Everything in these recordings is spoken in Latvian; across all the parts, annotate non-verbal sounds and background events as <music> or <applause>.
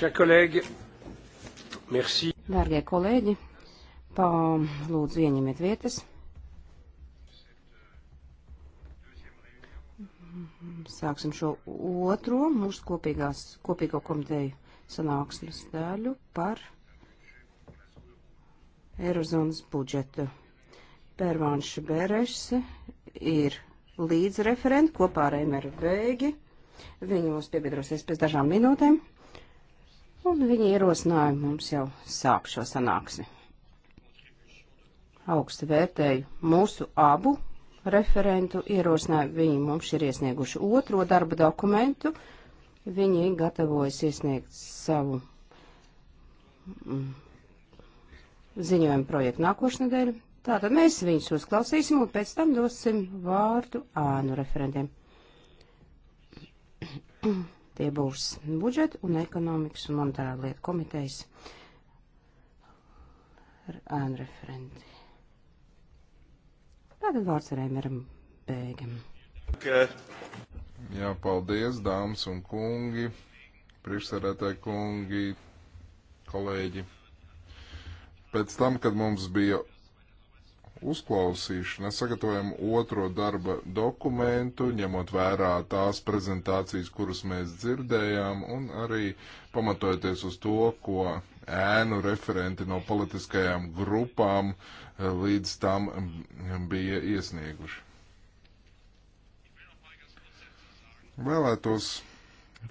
Dārgie kolēģi, lūdzu ieņemiet vietas. Sāksim šo otro mūsu kopīgās, kopīgo komiteju sanāksmes daļu par Eirozonas budžetu. Pērvāns Berešs ir līdzreferenti kopā ar Emeru Bēgi. Viņu mums piebiedrosies pēc dažām minūtēm un viņi ierosināja mums jau sāk šo sanāksmi. Augstu vērtēju mūsu abu referentu ierosināja, viņi mums ir iesnieguši otro darba dokumentu, viņi gatavojas iesniegt savu mm, ziņojumu projektu nākošnedēļ. Tātad mēs viņus uzklausīsim un pēc tam dosim vārdu ānu referentiem. Tie būs budžeta un ekonomikas un monetārā lieta komitejas ēnu referenti. Tātad vārds Rēmeram Bēgam. Okay. Jā, paldies, dāmas un kungi, priekšsarētāji kungi, kolēģi. Pēc tam, kad mums bija uzklausīšana sagatavojam otro darba dokumentu, ņemot vērā tās prezentācijas, kuras mēs dzirdējām, un arī pamatojoties uz to, ko ēnu referenti no politiskajām grupām eh, līdz tam mm, bija iesnieguši. Vēlētos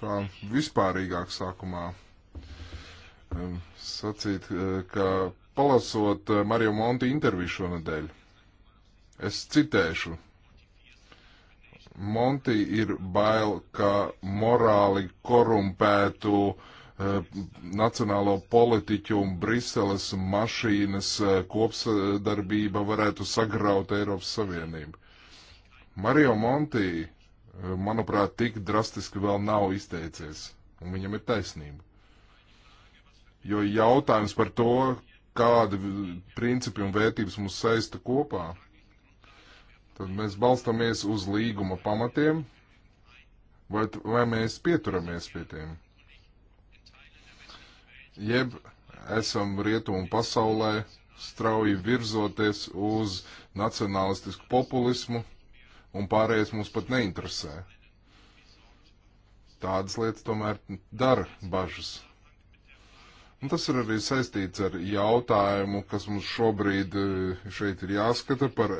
tā vispārīgāk sākumā mm, sacīt, eh, ka palasot eh, Mario Monti interviju šonadēļ. Es citēšu. Monti ir bail, ka morāli korumpētu eh, nacionālo politiķu un Briseles mašīnas eh, kopsadarbība varētu sagraut Eiropas Savienību. Mario Monti, eh, manuprāt, tik drastiski vēl nav izteicies, un viņam ir taisnība. Jo jautājums par to, kādi principi un vērtības mūs saista kopā, tad mēs balstamies uz līguma pamatiem, vai, vai mēs pieturamies pie tiem. Jeb esam rietumu pasaulē strauji virzoties uz nacionalistisku populismu, un pārējais mums pat neinteresē. Tādas lietas tomēr dara bažas. Un nu, tas ir arī saistīts ar jautājumu, kas mums šobrīd eh, šeit ir jāskata par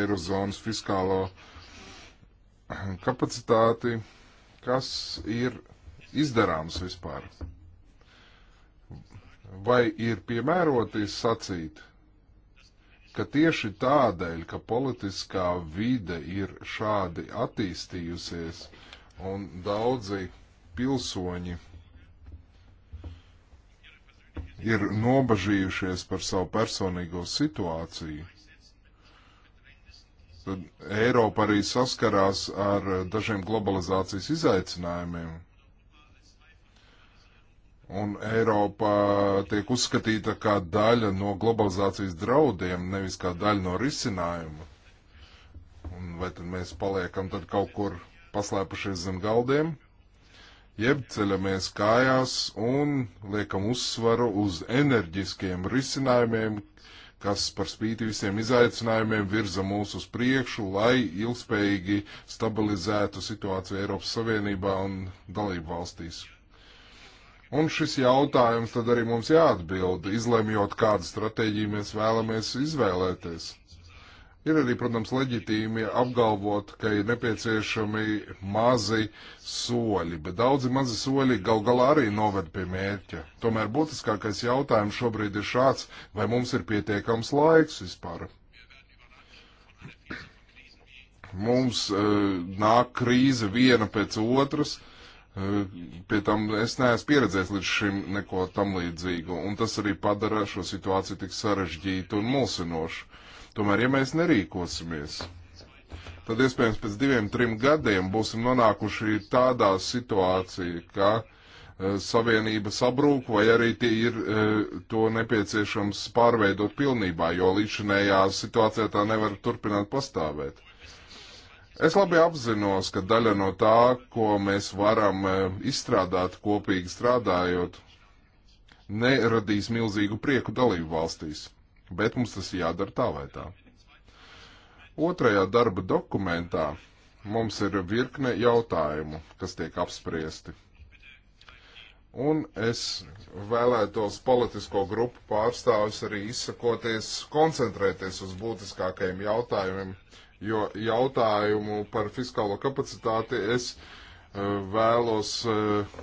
Eirozonas fiskālo kapacitāti, kas ir izdarāms vispār. Vai ir piemēroti sacīt, ka tieši tādēļ, ka politiskā vide ir šādi attīstījusies un daudzi pilsoņi ir nobažījušies par savu personīgo situāciju. Tad Eiropa arī saskarās ar dažiem globalizācijas izaicinājumiem. Un Eiropa tiek uzskatīta kā daļa no globalizācijas draudiem, nevis kā daļa no risinājuma. Un vai tad mēs paliekam tad kaut kur paslēpušies zem galdiem? jeb ceļamies kājās un liekam uzsvaru uz enerģiskiem risinājumiem, kas par spīti visiem izaicinājumiem virza mūs uz priekšu, lai ilgspējīgi stabilizētu situāciju Eiropas Savienībā un dalību valstīs. Un šis jautājums tad arī mums jāatbild, izlemjot, kādu stratēģiju mēs vēlamies izvēlēties. Ir arī, protams, leģitīmi apgalvot, ka ir nepieciešami mazi soļi, bet daudzi mazi soļi gal galā arī noved pie mērķa. Tomēr būtiskākais jautājums šobrīd ir šāds, vai mums ir pietiekams laiks vispār. Mums uh, nāk krīze viena pēc otras, uh, pie tam es neesmu pieredzējis līdz šim neko tam līdzīgu, un tas arī padara šo situāciju tik sarežģītu un mulsinošu Tomēr, ja mēs nerīkosimies, tad iespējams pēc diviem, trim gadiem būsim nonākuši tādā situācijā, ka uh, savienība sabrūk vai arī tie ir uh, to nepieciešams pārveidot pilnībā, jo līdzinējā situācijā tā nevar turpināt pastāvēt. Es labi apzinos, ka daļa no tā, ko mēs varam eh, izstrādāt kopīgi strādājot, neradīs milzīgu prieku dalību valstīs bet mums tas jādara tā vai tā. Otrajā darba dokumentā mums ir virkne jautājumu, kas tiek apspriesti. Un es vēlētos politisko grupu pārstāvis arī izsakoties, koncentrēties uz būtiskākajiem jautājumiem, jo jautājumu par fiskālo kapacitāti es eh, vēlos uh,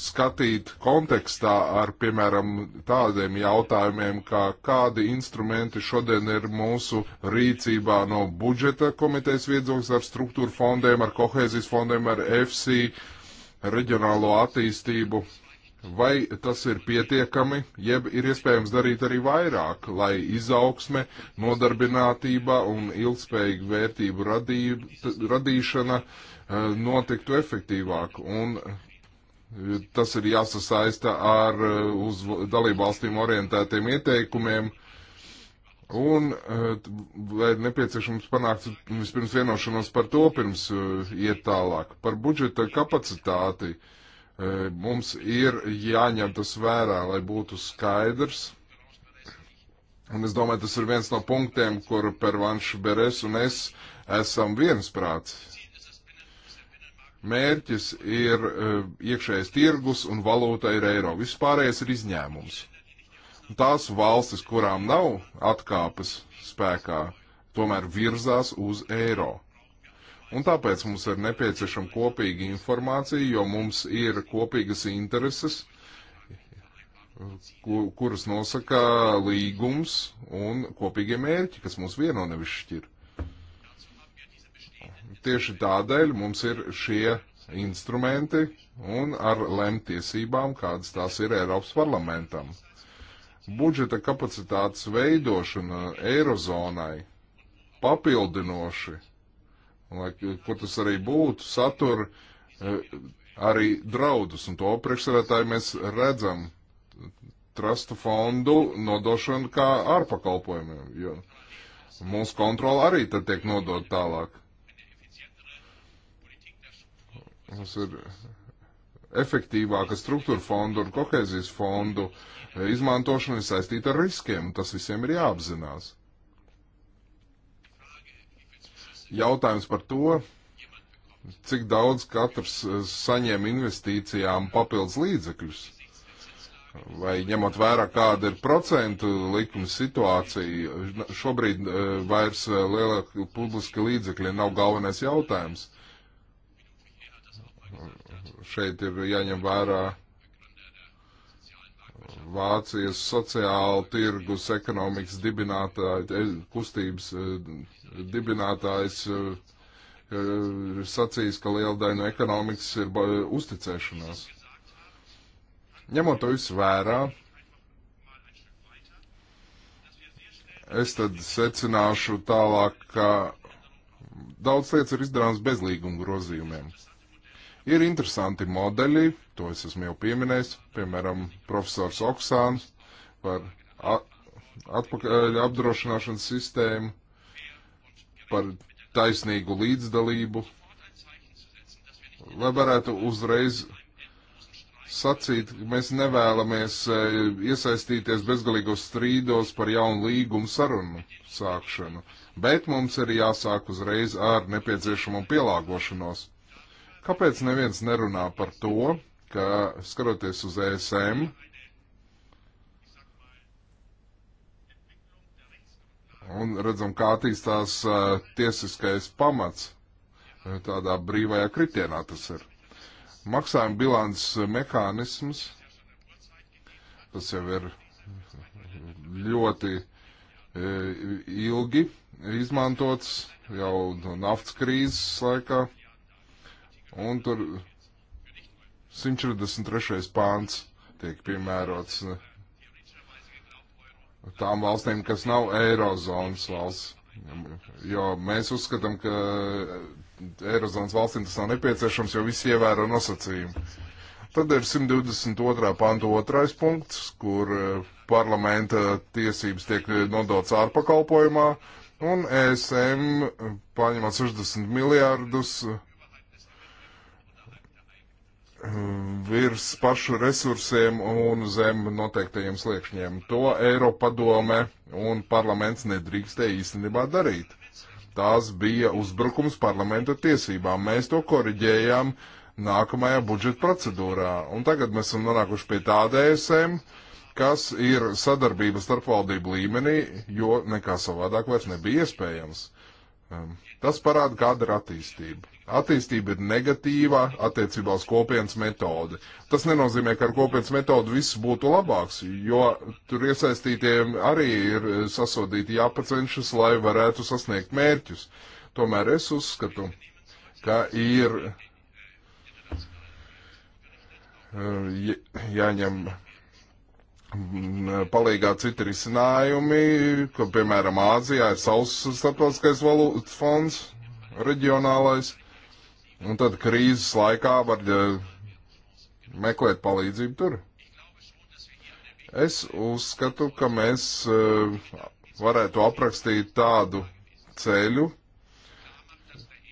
skatīt kontekstā ar, piemēram, tādiem jautājumiem, kā kādi instrumenti šodien ir mūsu rīcībā no budžeta komitejas viedokļa ar struktūru fondiem, ar kohēzijas fondiem, ar FC, reģionālo attīstību. Vai tas ir pietiekami, jeb ir iespējams darīt arī vairāk, lai izaugsme, nodarbinātība un ilgspējīga vērtību radī, radīšana eh, notiktu efektīvāk un Tas ir jāsasaista ar uh, uz dalību valstīm orientētiem ieteikumiem. Un uh, vai nepieciešams panākt vispirms vienošanos par to, pirms uh, iet tālāk. Par budžeta kapacitāti mums ir jāņem tas vērā, lai būtu skaidrs. Un es domāju, tas ir viens no punktiem, kur Pervanš Beres un es esam viensprāts mērķis ir eh, iekšējais tirgus un valūta ir eiro. Vispārējais ir izņēmums. Tās valstis, kurām nav atkāpes spēkā, tomēr virzās uz eiro. Un tāpēc mums ir nepieciešama kopīga informācija, jo mums ir kopīgas intereses, kuras nosaka līgums un kopīgie mērķi, kas mūs vieno nevis šķir. Tieši tādēļ mums ir šie instrumenti un ar lemtiesībām, kādas tās ir Eiropas parlamentam. Budžeta kapacitātes veidošana Eirozonai papildinoši, lai, kur tas arī būtu, satur e, arī draudus, un to priekšsēdētāji mēs redzam trustu fondu nodošanu kā ārpakalpojumiem, jo mūsu kontrola arī tad tiek nodot tālāk. Mums ir efektīvāka struktūra fondu un kohēzijas fondu e, izmantošana ir saistīta ar riskiem, un tas visiem ir jāapzinās. Jautājums par to, cik daudz katrs e, saņem investīcijām papildus līdzekļus, vai ņemot vērā, kāda ir procentu likuma situācija, šobrīd e, vairs lielāka publiska līdzekļa nav galvenais jautājums šeit ir jāņem vērā Vācijas sociāla tirgus ekonomikas eh, dibinātājs, kustības eh, dibinātājs ir sacījis, ka liela daļa no ekonomikas ir uzticēšanās. Ņemot to visu vērā, es tad secināšu tālāk, ka daudz lietas ir izdarāms bez līguma grozījumiem. Ir interesanti modeļi, to es esmu jau pieminējis, piemēram, profesors Oksāns par atpakaļ apdrošināšanas sistēmu, par taisnīgu līdzdalību, lai varētu uzreiz sacīt, ka mēs nevēlamies e, iesaistīties bezgalīgos strīdos par jaunu līgumu sarunu sākšanu, bet mums ir jāsāk uzreiz ar nepieciešamo pielāgošanos Kāpēc neviens nerunā par to, ka skatoties uz ESM, un redzam, kā attīstās uh, tiesiskais pamats tādā brīvajā kritienā tas ir. Maksājuma bilants mehānisms, tas jau ir ļoti ilgi izmantots jau naftas krīzes laikā. Un tur 143. pāns tiek piemērots uh, tām valstīm, kas nav Eirozonas valsts. Jo mēs uzskatām, ka uh, Eirozonas valstīm tas nav nepieciešams, jo visi ievēro nosacījumu. Tad ir 122. pantu otrais punkts, kur uh, parlamenta tiesības tiek nodots ārpakalpojumā, un ESM paņemot 60 miljārdus virs pašu resursiem un zem noteiktajiem sliekšņiem. To Eiropadome un parlaments nedrīkstēja īstenībā darīt. Tās bija uzbrukums parlamenta tiesībām. Mēs to koriģējām nākamajā budžeta procedūrā. Un tagad mēs esam nonākuši pie tādēsēm, kas ir sadarbība starpvaldību līmenī, jo nekā savādāk vairs nebija iespējams. Ehm, tas parāda, kāda ir attīstība. Attīstība ir negatīva attiecībā uz kopienas metodi. Tas nenozīmē, ka ar kopienas metodu viss būtu labāks, jo tur iesaistītiem arī ir sasodīti jāpacenšas, lai varētu sasniegt mērķus. Tomēr es uzskatu, ka ir eh, jāņem mm, palīgā citi risinājumi, ka, piemēram, Āzijā ir savs starptautiskais valūtas fonds, reģionālais. Uh, Un tad krīzes laikā var meklēt palīdzību tur. Es uzskatu, ka mēs eh, varētu aprakstīt tādu ceļu,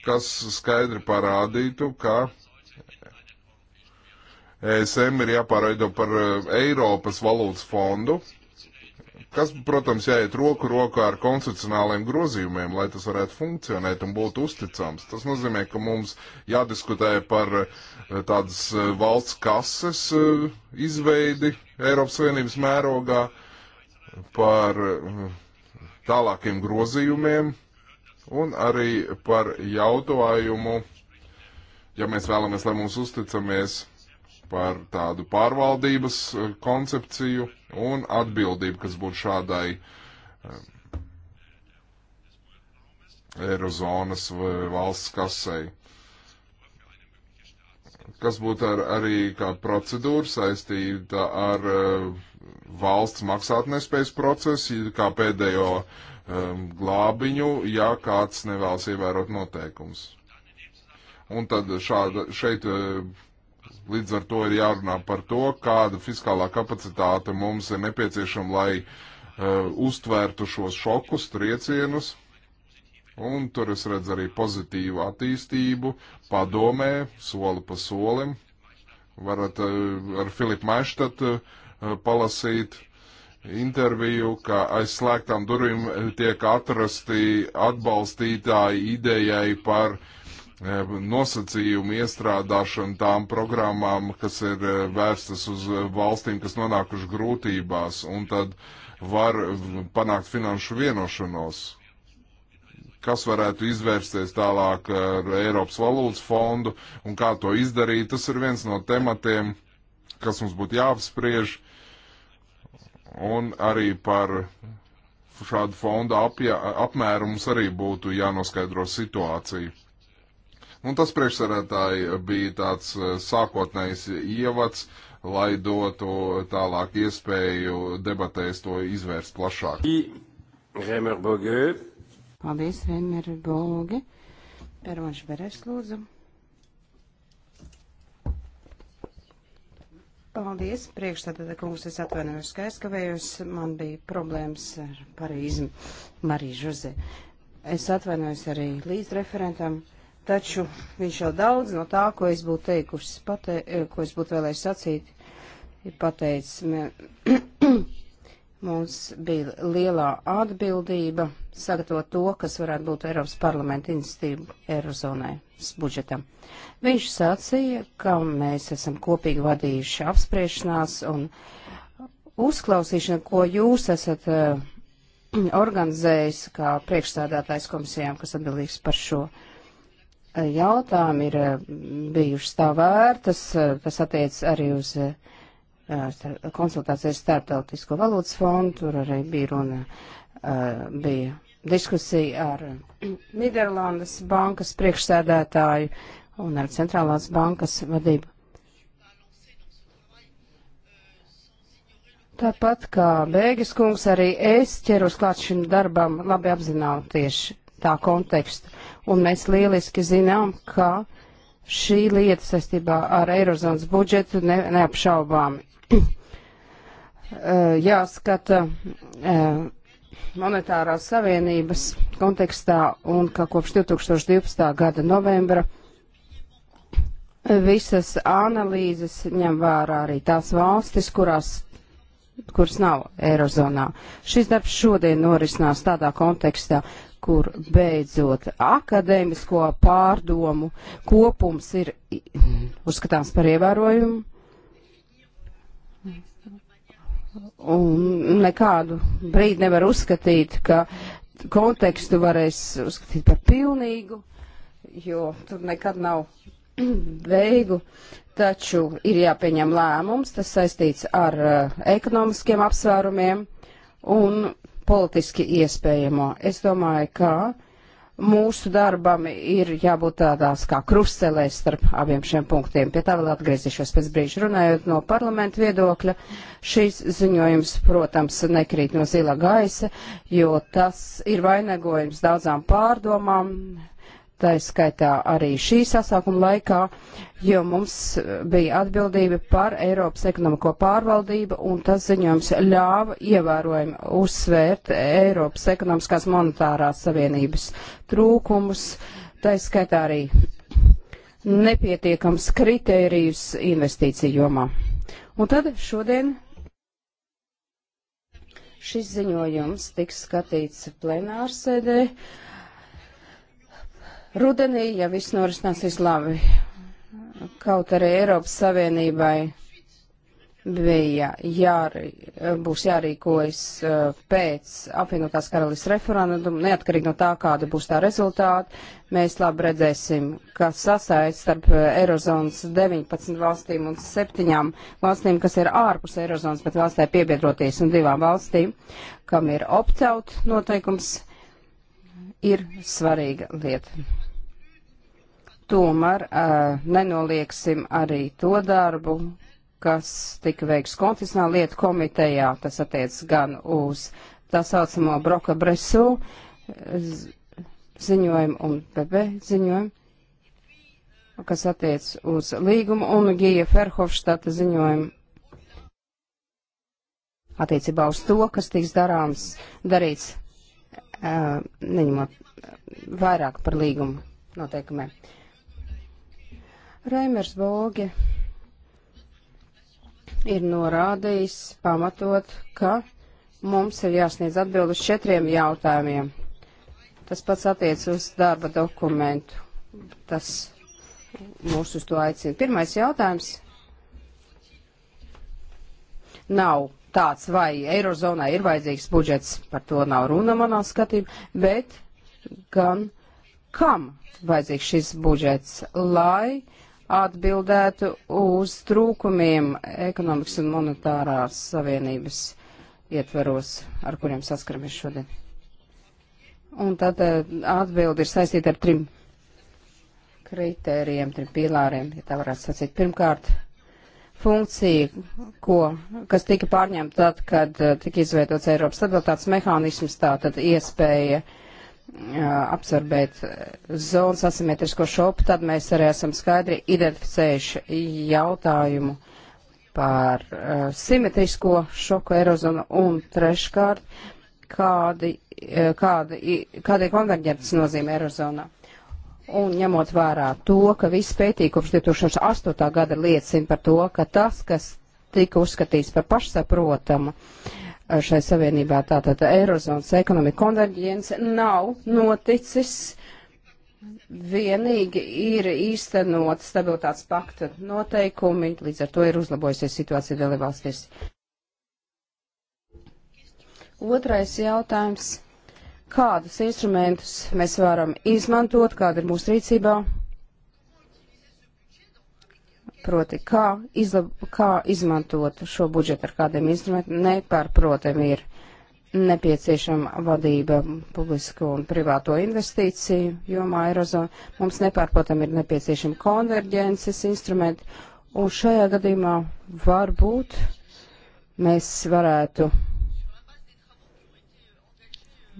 kas skaidri parādītu, ka ESM ir jāpārveido par eh, Eiropas valūtas fondu, kas, protams, jāiet roku rokā ar konstitucionāliem grozījumiem, lai tas varētu funkcionēt un būt uzticams. Tas nozīmē, ka mums jādiskutē par eh, tādas eh, valsts kases eh, izveidi Eiropas Savienības mērogā, par tālākiem grozījumiem un arī par jautājumu, ja mēs vēlamies, lai mums uzticamies par tādu pārvaldības koncepciju un atbildību, kas būtu šādai um, Eirozonas valsts kasei. Kas būtu ar, arī kā procedūra saistīta ar uh, valsts maksātnespējas procesu, kā pēdējo um, glābiņu, ja kāds nevēlas ievērot noteikumus. Un tad šāda, šeit uh, Līdz ar to ir jārunā par to, kāda fiskālā kapacitāte mums ir nepieciešama, lai uh, eh, uztvērtu šos šokus, triecienus. Un tur es redzu arī pozitīvu attīstību, padomē, soli pa solim. Varat uh, ar Filipu Maištatu uh, eh, palasīt interviju, ka aiz slēgtām durvīm tiek atrasti atbalstītāji idejai par uh, E, nosacījumu iestrādāšanu tām programmām, kas ir e, vērstas uz e, valstīm, kas nonākuši grūtībās, un tad var panākt finanšu vienošanos. Kas varētu izvērsties tālāk ar Eiropas valūtas fondu un kā to izdarīt, tas ir viens no tematiem, kas mums būtu jāapspriež, un arī par šādu fondu apmēru mums arī būtu jānoskaidro situāciju Un tas priekšsarētāji bija tāds eh, sākotnējs ievads, lai dotu tālāk iespēju debatēs to izvērst plašāk. Rēmer Bogē. Paldies, Rēmer Bogē. Pērmaņš Beres, lūdzu. Paldies, priekšstādāta kungs, es atvainojos, ka aizkavējos, man bija problēmas ar Parīzi, Mariju Žuzi. Es atvainojos arī līdz referentam. Taču viņš jau daudz no tā, ko es būtu teikusi, pate, eh, ko es būtu vēlējis sacīt, ir pateicis. <clears throat> Mums bija lielā atbildība sagatavot to, kas varētu būt Eiropas parlamenta institīva Eirozonai budžetam. Viņš sacīja, ka mēs esam kopīgi vadījuši apspriešanās un uzklausīšanu, ko jūs esat uh, <clears throat> organizējis kā priekšstādātājs komisijām, kas atbildīgs par šo uh, jautājumi ir eh, bijušas tā vērtas, tas eh, attiec arī uz eh, konsultācijas starptautisko valūtas fondu, tur arī bija runa, bija diskusija ar Niderlandes bankas priekšsēdētāju un ar centrālās bankas vadību. Tāpat kā Bēgis kungs, arī es ķeros klāt šim darbam, labi apzināties tā kontekstu. Un mēs lieliski zinām, ka šī lieta saistībā ar Eirozonas budžetu ne, neapšaubām <clears throat> eh, jāskata eh, monetārās savienības kontekstā un ka kopš 2012. gada novembra visas analīzes ņem vērā arī tās valstis, kurās kuras nav Eirozonā. Šis darbs šodien norisinās tādā kontekstā kur beidzot akadēmisko pārdomu kopums ir uzskatāms par ievērojumu. Un nekādu brīdi nevar uzskatīt, ka kontekstu varēs uzskatīt par pilnīgu, jo tur nekad nav <clears throat> beigu. Taču ir jāpieņem lēmums, tas saistīts ar uh, ekonomiskiem apsvērumiem, un politiski iespējamo. Es domāju, ka mūsu darbam ir jābūt tādās kā krustelēs starp abiem šiem punktiem. Pie tā vēl atgriezīšos pēc brīža. Runājot no parlamenta viedokļa, šīs ziņojums, protams, nekrīt no zila gaisa, jo tas ir vainagojums daudzām pārdomām, tā skaitā arī šī sasākuma laikā, jo mums bija atbildība par Eiropas ekonomiko pārvaldību, un tas ziņojums ļāva ievērojami uzsvērt Eiropas ekonomiskās monetārās savienības trūkumus, tā skaitā arī nepietiekams kritērijus investīciju jomā. Un tad šodien šis ziņojums tiks skatīts plenārsēdē. Uh, rudenī, ja viss norisināsies labi. Kaut arī Eiropas Savienībai bija jāri, būs jārīkojas eh, pēc apvienotās karalistas referenduma, neatkarīgi no tā, kāda būs tā rezultāta. Mēs labi redzēsim, ka sasaist starp Eirozonas 19 valstīm un 7 valstīm, kas ir ārpus Eirozonas, bet valstē piebiedroties un divām valstīm, kam ir opt-out noteikums, ir svarīga lieta. Tomēr uh, nenolieksim arī to darbu, kas tika veikts konfesionāla lietu komitejā. Tas attiec gan uz tā saucamo Broka Bresu eh, ziņojumu un PP ziņojumu, kas attiec uz līgumu un Gija Ferhofštata ziņojumu attiecībā uz to, kas tiks darāms, darīts, uh, neņemot vairāk par līgumu noteikumiem. Uh, Reimers Bogi ir norādījis pamatot, ka mums ir jāsniedz atbild uz četriem jautājumiem. Tas pats attiec uz darba dokumentu. Tas mūs uz to aicina. Pirmais jautājums nav tāds, vai Eirozonai ir vajadzīgs budžets, par to nav runa manā skatījumā, bet gan kam vajadzīgs šis budžets, lai uh, atbildētu uz trūkumiem ekonomikas un monetārās savienības ietveros, ar kuriem saskaramies šodien. Un tad eh, atbildi ir saistīta ar trim kritērijiem, trim pīlāriem, ja tā varētu sacīt. Pirmkārt, funkcija, ko, kas tika pārņemta tad, kad eh, tika izveidots Eiropas stabilitātes mehānisms, tā tad iespēja uh, absorbēt zonas asimetrisko šopu, tad mēs arī esam skaidri identificējuši jautājumu par uh, simetrisko šoku eirozonu un treškārt, kādi, eh, kādi, kāda ir konverģents nozīme eirozonā. Un ņemot vērā to, ka viss pētī kopš 2008. gada liecina par to, ka tas, kas tika uzskatīts par pašsaprotamu, uh, šai savienībā. Tātad Eirozonas ekonomika konverģence nav noticis. Vienīgi ir īstenot stabilitātes pakta noteikumi, līdz ar to ir uzlabojusies situācija dalībvalstīs. Otrais jautājums. Kādus instrumentus mēs varam izmantot, kāda ir mūsu rīcībā, proti, kā, izlab, kā izmantot šo budžetu ar kādiem instrumentiem, nepārprotami ir nepieciešama vadība publisko un privāto investīciju jomā Eirozonā. Mums nepārprotami ir nepieciešama konverģences instrumenti, un šajā gadījumā varbūt mēs varētu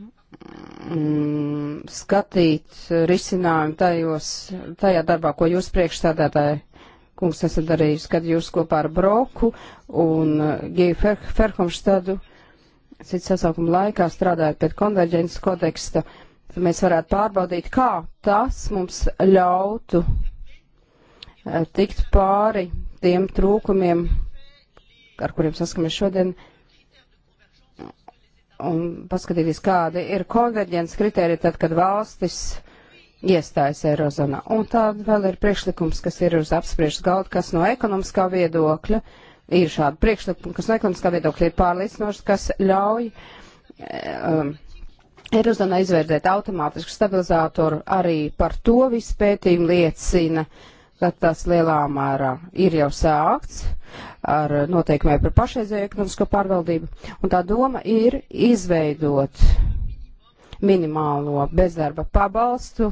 mm, skatīt risinājumu tajos, tajā darbā, ko jūs priekšstādātāji kungs esat darījis, kad jūs kopā ar Broku un Gīju Fer Ferhomštadu cits sasaukuma laikā strādājat pēc konverģences kodeksta, tad mēs varētu pārbaudīt, kā tas mums ļautu eh, tikt pāri tiem trūkumiem, ar kuriem saskamies šodien, un paskatīties, kādi ir konverģences kriteriji, tad, kad valstis iestājas Eirozonā. Un tāda vēl ir priekšlikums, kas ir uz apspriežas galda, kas no ekonomiskā viedokļa ir šāda priekšlikuma, kas no ekonomiskā viedokļa ir pārliecinoša, kas ļauj eh, um, Eirozonā izvērdēt automātisku stabilizātoru. Arī par to visu pētījumu liecina, ka tas lielā mērā ir jau sākts ar noteikumiem par pašreizēju ekonomisko pārvaldību. Un tā doma ir izveidot minimālo bezdarba pabalstu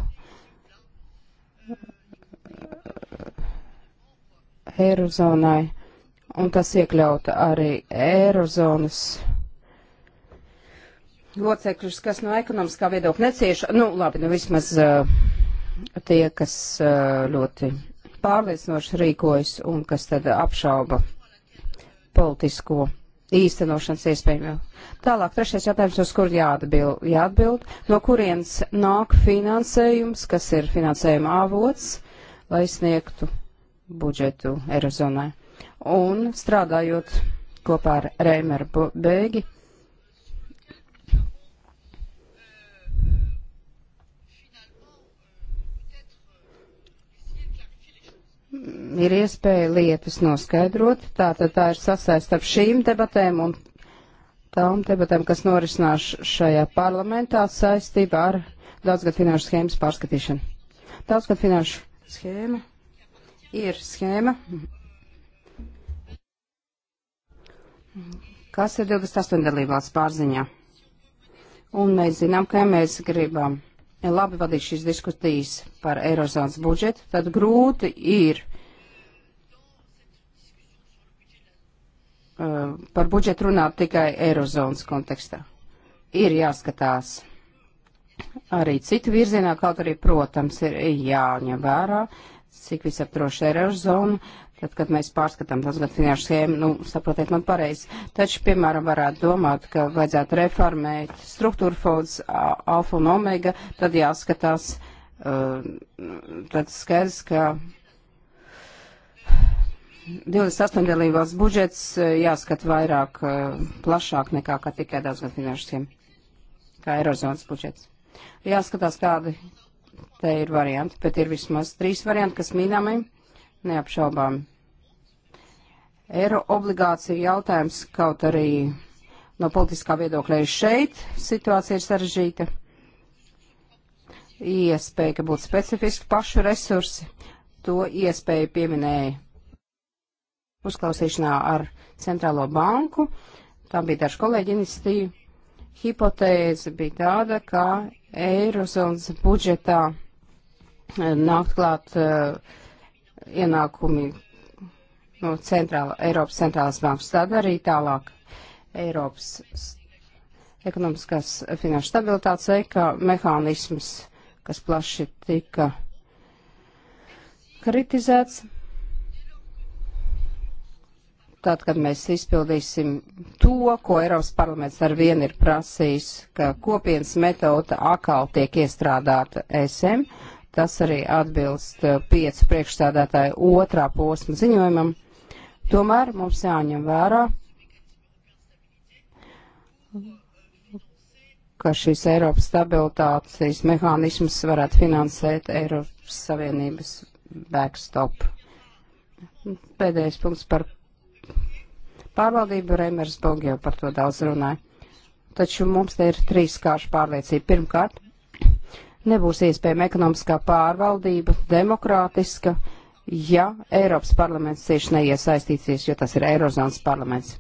Eirozonai, un tas iekļauta arī Eirozonas locekļus, kas no ekonomiskā viedokļa necieši, nu labi, nu vismaz uh, tie, kas uh, ļoti pārliecinoši rīkojas un kas tad apšauba politisko īstenošanas iespējamību. Tālāk, trešais jautājums, uz kur jāatbild, jāatbild, no kurienes nāk finansējums, kas ir finansējuma avots, lai sniegtu budžetu Eirozonai. Un strādājot kopā ar Reimeru Bēgi, ir iespēja lietas noskaidrot. Tātad tā ir sasaist ar šīm debatēm un tām debatēm, kas norisinās šajā parlamentā saistībā ar daudzgad finanšu schēmas pārskatīšanu. Daudzgad finanšu schēma. Ir schēma, kas ir 28 dalībās pārziņā. Un mēs zinām, ka ja mēs gribam labi vadīt šīs diskusijas par Eirozonas budžetu, tad grūti ir uh, par budžetu runāt tikai Eirozonas kontekstā. Ir jāskatās arī citu virzienā, kaut arī, protams, ir jāņem vērā, cik visaptroši ir eirozona, tad, kad mēs pārskatām tas gan finanšu schēmu, nu, saprotiet man pareizi. Taču, piemēram, varētu domāt, ka vajadzētu reformēt struktūra fonds alfa un omega, tad jāskatās, uh, tad skaidrs, ka 28 dalībās budžets jāskat vairāk, uh, plašāk nekā, kā tikai daudz gan finanšu schēmu, kā eirozonas budžets. Jāskatās, kādi te ir varianti, bet ir vismaz trīs varianti, kas minami neapšaubām. Eiro obligācija jautājums, kaut arī no politiskā viedokļa ir šeit, situācija ir sarežģīta. Iespēja, ka būtu specifiski pašu resursi, to iespēju pieminēja uzklausīšanā ar Centrālo banku. Tā bija dažu kolēģi iniciatīva hipotēze bija tāda, ka Eirozonas budžetā eh, nākt klāt uh, ienākumi no centrāla, Eiropas centrālās bankas. Tad arī tālāk Eiropas ekonomiskās finanšu stabilitātes veika mehānisms, kas plaši tika kritizēts tad, kad mēs izpildīsim to, ko Eiropas parlaments ar vienu ir prasījis, ka kopienas metoda akal tiek iestrādāta SM, tas arī atbilst uh, piecu priekšstādātāju otrā posma ziņojumam. Tomēr mums jāņem vērā, ka šīs Eiropas stabilitācijas mehānismas varētu finansēt Eiropas Savienības backstop. Pēdējais punkts par pārvaldību, Reimers Bogi jau par to daudz runāja. Taču mums te ir trīs kāršu pārliecība. Pirmkārt, nebūs iespējama ekonomiskā pārvaldība, demokrātiska, ja Eiropas parlaments cieši neiesaistīsies, jo tas ir Eirozonas parlaments.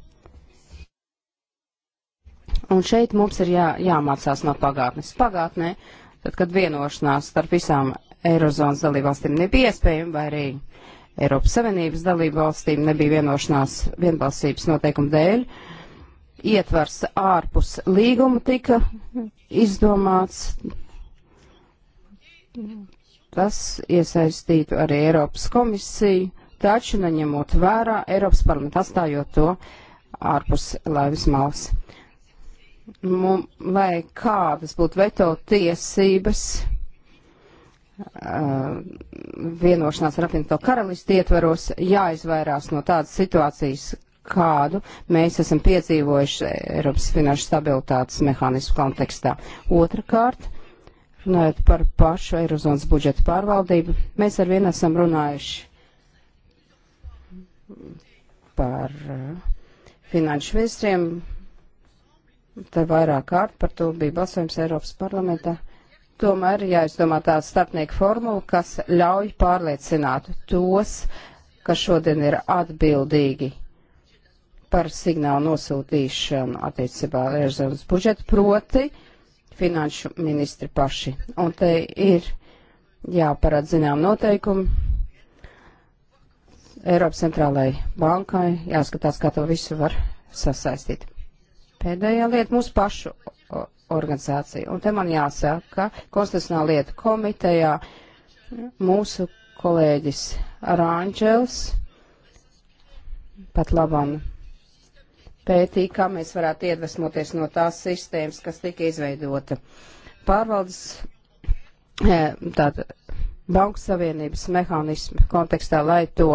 Un šeit mums ir jā, jāmācās no pagātnes. Pagātnē, tad, kad vienošanās starp visām Eirozonas dalībvalstīm nebija iespējama, vai arī Eiropas Savienības dalību valstīm nebija vienošanās vienbalsības noteikumu dēļ. Ietvars ārpus līguma tika izdomāts. Tas iesaistītu arī Eiropas komisiju, taču neņemot vērā Eiropas parlamentu atstājot to ārpus laivas malas. Lai kādas būtu veto tiesības, Uh, vienošanās ar apvienoto karalisti ietveros jāizvairās no tādas situācijas, kādu mēs esam piedzīvojuši Eiropas finanšu stabilitātes mehānismu kontekstā. Otrakārt, runājot par pašu Eirozonas budžeta pārvaldību, mēs ar vienu esam runājuši par uh, finanšu ministriem, te vairāk kārt par to bija balsojums Eiropas parlamentā. Uh, Tomēr jāizdomā tā starpnieku formula, kas ļauj pārliecināt tos, kas šodien ir atbildīgi par signālu nosūtīšanu attiecībā ar Eirozonas budžetu, proti finanšu ministri paši. Un te ir jāparāda zinām noteikumi Eiropas centrālajai bankai, jāskatās, kā to visu var sasaistīt. Pēdējā lieta mūsu pašu organizācija. Un te man jāsaka, ka konstitucionāla lieta komitejā mūsu kolēģis Rāņģels pat labam pētīja, kā mēs varētu iedvesmoties no tās sistēmas, kas tika izveidota pārvaldes eh, tāda Banku Savienības mehānismu kontekstā, lai to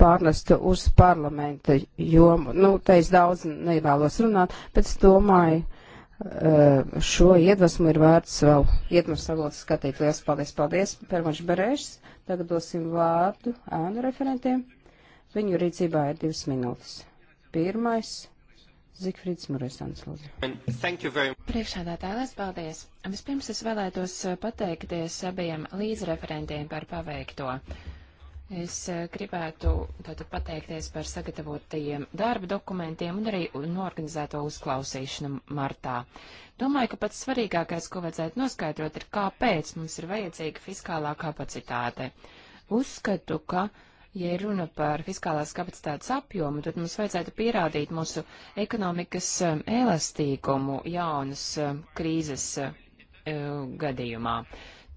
pārnestu uz parlamenta jomu. Nu, te es daudz nevēlos runāt, bet es domāju, Eh, šo iedvesmu ir vērts vēl ietmas savotu skatīt. Lielas paldies, paldies, Permaņš Berēšs. Tagad dosim vārdu ēnu referentiem. Viņu rīcībā ir divas minūtes. Pirmais. Zikfrīds Muresans, lūdzu. Priekšādātāji, liels paldies! Vispirms es vēlētos eh, pateikties abiem līdzreferentiem par paveikto. Es eh, gribētu tātad pateikties par sagatavotajiem darba dokumentiem un arī norganizēto uzklausīšanu martā. Domāju, ka pats svarīgākais, ko vajadzētu noskaidrot, ir, kāpēc mums ir vajadzīga fiskālā kapacitāte. Uzskatu, ka ja runa par fiskālās kapacitātes apjomu, tad mums vajadzētu pierādīt mūsu ekonomikas eh, elastīgumu jaunas eh, krīzes uh, gadījumā.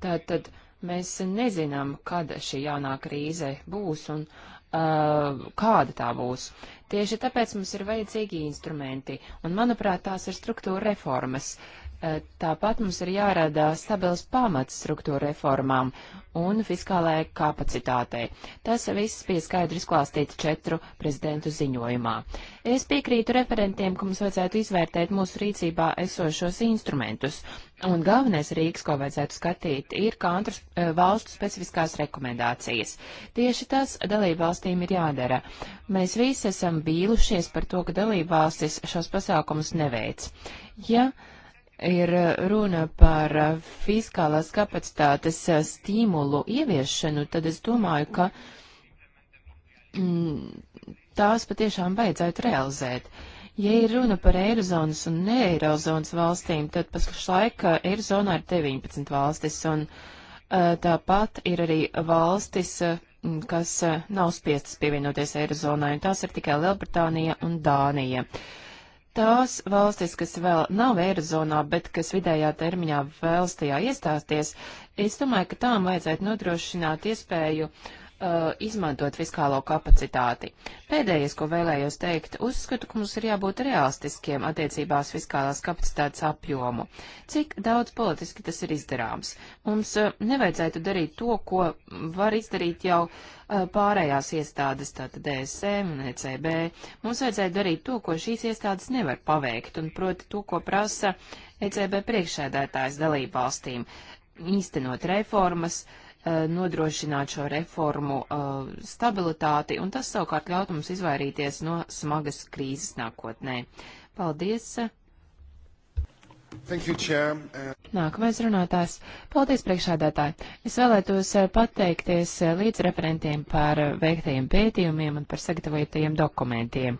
Tātad Mēs nezinām, kad šī jaunā krīze būs un uh, kāda tā būs. Tieši tāpēc mums ir vajadzīgi instrumenti, un, manuprāt, tās ir struktūra reformas. Uh, Eh, tāpat mums ir jārada stabils pamats struktūra reformām un fiskālajai kapacitātei. Tas viss bija skaidri izklāstīts četru prezidentu ziņojumā. Es piekrītu referentiem, ka mums vajadzētu izvērtēt mūsu rīcībā esošos instrumentus. Un galvenais rīks, ko vajadzētu skatīt, ir katras eh, valstu specifiskās rekomendācijas. Tieši tas dalībvalstīm ir jādara. Mēs visi esam vīlušies par to, ka dalībvalstis šos pasākumus neveic. Ja uh, ir runa par fiskālās kapacitātes stimulu ieviešanu, tad es domāju, ka mm, tās patiešām vajadzētu realizēt. Ja ir runa par Eirozonas un ne Eirozonas valstīm, tad pašlaik eh, Eirozonā ir 19 valstis, un eh, tāpat ir arī valstis, eh, kas nav spiestas pievienoties Eirozonai, un tās ir tikai Lielbritānija un Dānija. Uh, Tās valstis, kas vēl nav eirozonā, bet kas vidējā termiņā vēlas tajā iestāties, es domāju, ka tām vajadzētu nodrošināt iespēju uh, izmantot fiskālo kapacitāti. Pēdējais, ko vēlējos teikt, uzskatu, ka mums ir jābūt realistiskiem attiecībās fiskālās kapacitātes apjomu. Cik daudz politiski tas ir izdarāms? Mums uh, nevajadzētu darīt to, ko var izdarīt jau uh, pārējās iestādes, tātad DSM e un ECB. Mums vajadzētu darīt to, ko šīs iestādes nevar paveikt, un proti to, ko prasa ECB priekšsēdētājs dalību valstīm īstenot reformas, uh, Eh, nodrošināt šo reformu eh, stabilitāti, un tas savukārt ļaut mums izvairīties no smagas krīzes nākotnē. Paldies! You, uh, Nākamais runātājs. Paldies, priekšādātāji. Es vēlētos uh, pateikties uh, līdzreferentiem par veiktajiem pētījumiem un par sagatavotajiem dokumentiem.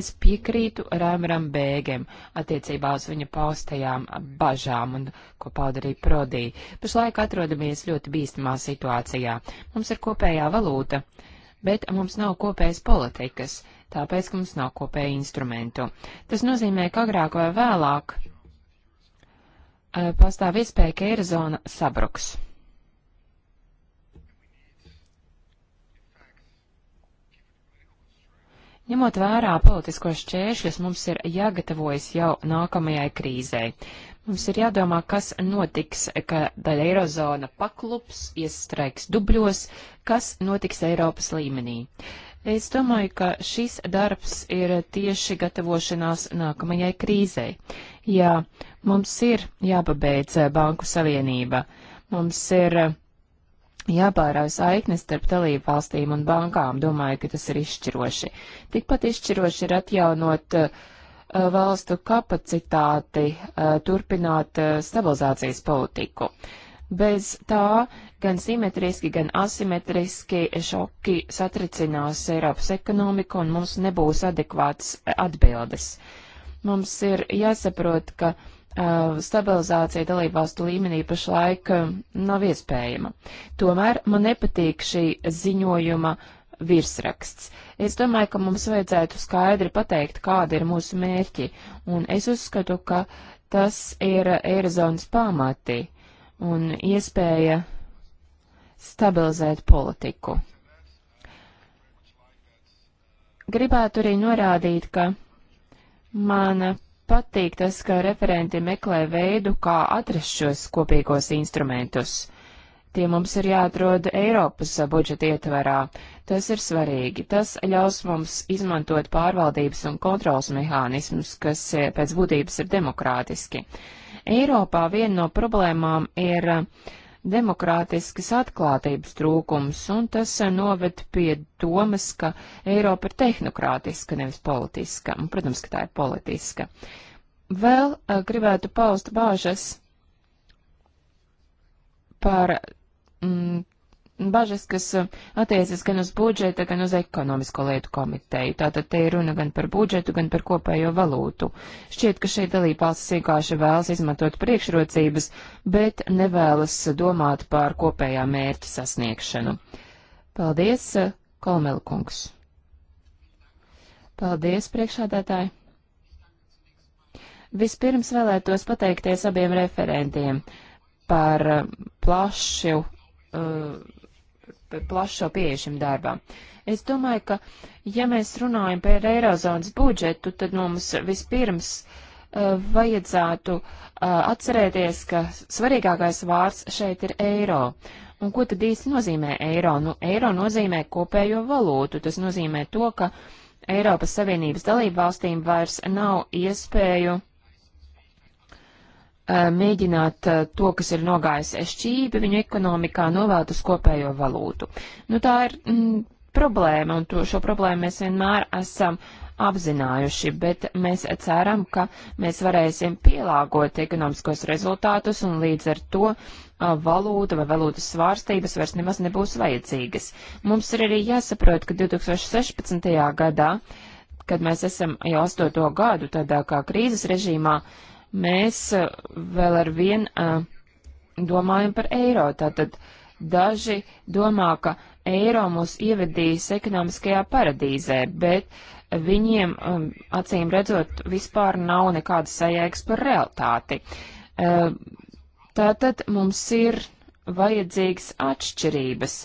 Es piekrītu Rēmram Bēgam attiecībā uz viņa paustajām bažām un ko pauda arī Prodī. Pašlaik atrodamies ļoti bīstamā situācijā. Mums ir kopējā valūta, bet mums nav kopējas politikas, tāpēc, ka mums nav kopēja instrumentu. Tas nozīmē, ka agrāk vai vēlāk Eh, pastāv iespēja, ka Eirozona sabruks. Ņemot vērā politiskos šķēršļus, mums ir jāgatavojas jau nākamajai krīzē. Mums ir jādomā, kas notiks, ka daļa eirozona paklups, iestraiks dubļos, kas notiks Eiropas līmenī. Uh, Es domāju, ka šis darbs ir tieši gatavošanās nākamajai krīzei. Jā, mums ir jāpabeidz eh, Banku Savienība. Mums ir eh, jāpārāv saiknes starp dalību valstīm un bankām. Domāju, ka tas ir izšķiroši. Tikpat izšķiroši ir atjaunot uh, valstu kapacitāti uh, turpināt uh, stabilizācijas politiku. Bez tā Gan simetriski, gan asimetriski šoki satricinās Eiropas ekonomiku un mums nebūs adekvāts eh, atbildes. Mums ir jāsaprot, ka eh, stabilizācija dalībvalstu līmenī pašlaik eh, nav iespējama. Tomēr man nepatīk šī ziņojuma virsraksts. Es domāju, ka mums vajadzētu skaidri pateikt, kāda ir mūsu mērķi, un es uzskatu, ka tas ir Eirozonas pamati un iespēja stabilizēt politiku. Gribētu arī norādīt, ka man patīk tas, ka referenti meklē veidu, kā atrast šos kopīgos instrumentus. Tie mums ir jāatrod Eiropas budžeta ietverā. Tas ir svarīgi. Tas ļaus mums izmantot pārvaldības un kontrols mehānismus, kas eh, pēc būtības ir demokrātiski. Eiropā viena no problēmām ir uh, demokrātiskas atklātības trūkums, un tas eh, noved pie domas, ka Eiropa ir tehnokrātiska, nevis politiska, un, protams, ka tā ir politiska. Vēl uh, gribētu paust bāžas par mm, bažas, kas uh, attiecas gan uz budžeta, gan uz ekonomisko lietu komiteju. Tātad te ir runa gan par budžetu, gan par kopējo valūtu. Šķiet, ka šeit dalībvalstis vienkārši vēlas izmantot priekšrocības, bet nevēlas domāt par kopējā mērķa sasniegšanu. Paldies, uh, Kolmelkungs. Paldies, priekšādātāji. Vispirms vēlētos pateikties abiem referentiem par uh, plašu uh, plašo pieeju šim darbam. Es domāju, ka, ja mēs runājam par Eirozonas budžetu, tad mums vispirms uh, vajadzētu uh, atcerēties, ka svarīgākais vārds šeit ir eiro. Un ko tad īsti nozīmē eiro? Nu, eiro nozīmē kopējo valūtu. Tas nozīmē to, ka Eiropas Savienības dalību valstīm vairs nav iespēju Eh, mēģināt eh, to, kas ir nogājis šķībi viņu ekonomikā, novēlt uz kopējo valūtu. Nu, tā ir m, mm, problēma, un to, šo problēmu mēs vienmēr esam apzinājuši, bet mēs ceram, ka mēs varēsim pielāgot ekonomiskos rezultātus un līdz ar to eh, valūta vai valūtas svārstības vairs nemaz nebūs vajadzīgas. Mums ir arī jāsaprot, ka 2016. gadā, kad mēs esam jau astoto gadu tādā kā krīzes režīmā, uh, mēs eh, vēl ar vien eh, domājam par eiro. Tātad daži domā, ka eiro mūs ievedīs ekonomiskajā paradīzē, bet viņiem um, acīm redzot vispār nav nekāda sajēgs par realtāti. Eh, tātad mums ir vajadzīgas atšķirības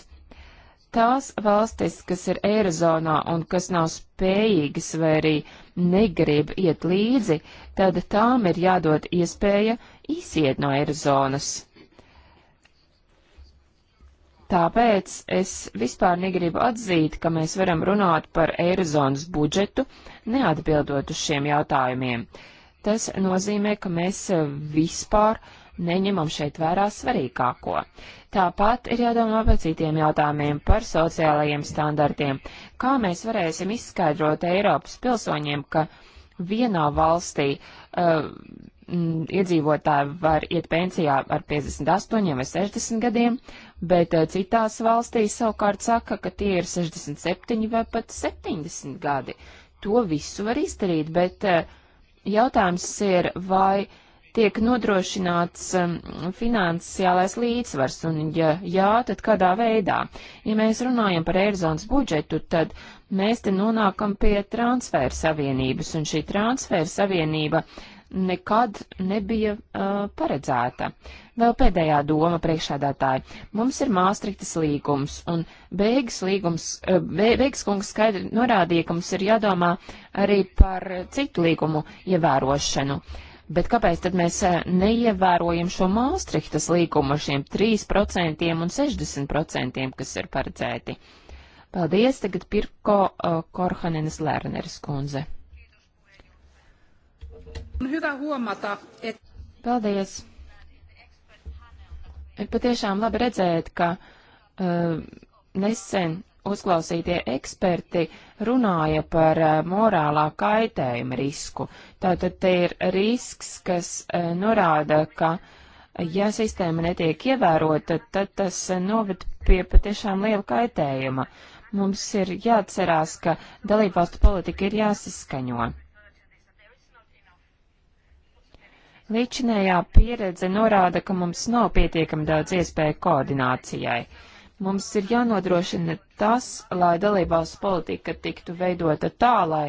Tās valstis, kas ir eirozonā un kas nav spējīgas vai arī negrib iet līdzi, tad tām ir jādod iespēja iziet no eirozonas. Tāpēc es vispār negribu atzīt, ka mēs varam runāt par eirozonas budžetu, neatbildot uz šiem jautājumiem. Tas nozīmē, ka mēs vispār uh, neņemam šeit vērā svarīgāko. Tāpat ir jādomā par citiem jautājumiem, par sociālajiem standartiem. Kā mēs varēsim izskaidrot Eiropas pilsoņiem, ka vienā valstī uh, iedzīvotāji var iet pensijā ar 58 vai 60 gadiem, bet uh, citās valstīs savukārt saka, ka tie ir 67 vai pat 70 gadi. To visu var izdarīt, bet uh, jautājums ir, vai tiek nodrošināts um, finansiālais līdzsvars, un ja jā, tad kādā veidā. Ja mēs runājam par Eirozonas budžetu, tad mēs te nonākam pie transfēra savienības, un šī transfēra savienība nekad nebija uh, paredzēta. Vēl pēdējā doma priekšādātāji. Mums ir Māstriktas līgums, un beigas līgums, uh, beigas kungs skaidri norādīja, ka mums ir jādomā arī par citu līgumu ievērošanu. Uh, Bet kāpēc tad mēs eh, neievērojam šo Māstrihtas līgumu ar šiem 3% un 60%, kas ir paredzēti? Paldies, tagad Pirko uh, Korhanenes Lērneres kundze. Paldies. Ir patiešām labi redzēt, ka uh, nesen uzklausītie eksperti runāja par eh, morālā kaitējuma risku. Tātad te ir risks, kas eh, norāda, ka, ja sistēma netiek ievērota, tad tas eh, noved pie patiešām liela kaitējuma. Mums ir jāatcerās, ka dalībvalstu politika ir jāsaskaņo. Līdzinējā pieredze norāda, ka mums nav pietiekami daudz iespēju koordinācijai. Uh, Mums ir jānodrošina tas, lai dalībvalsts politika tiktu veidota tā, lai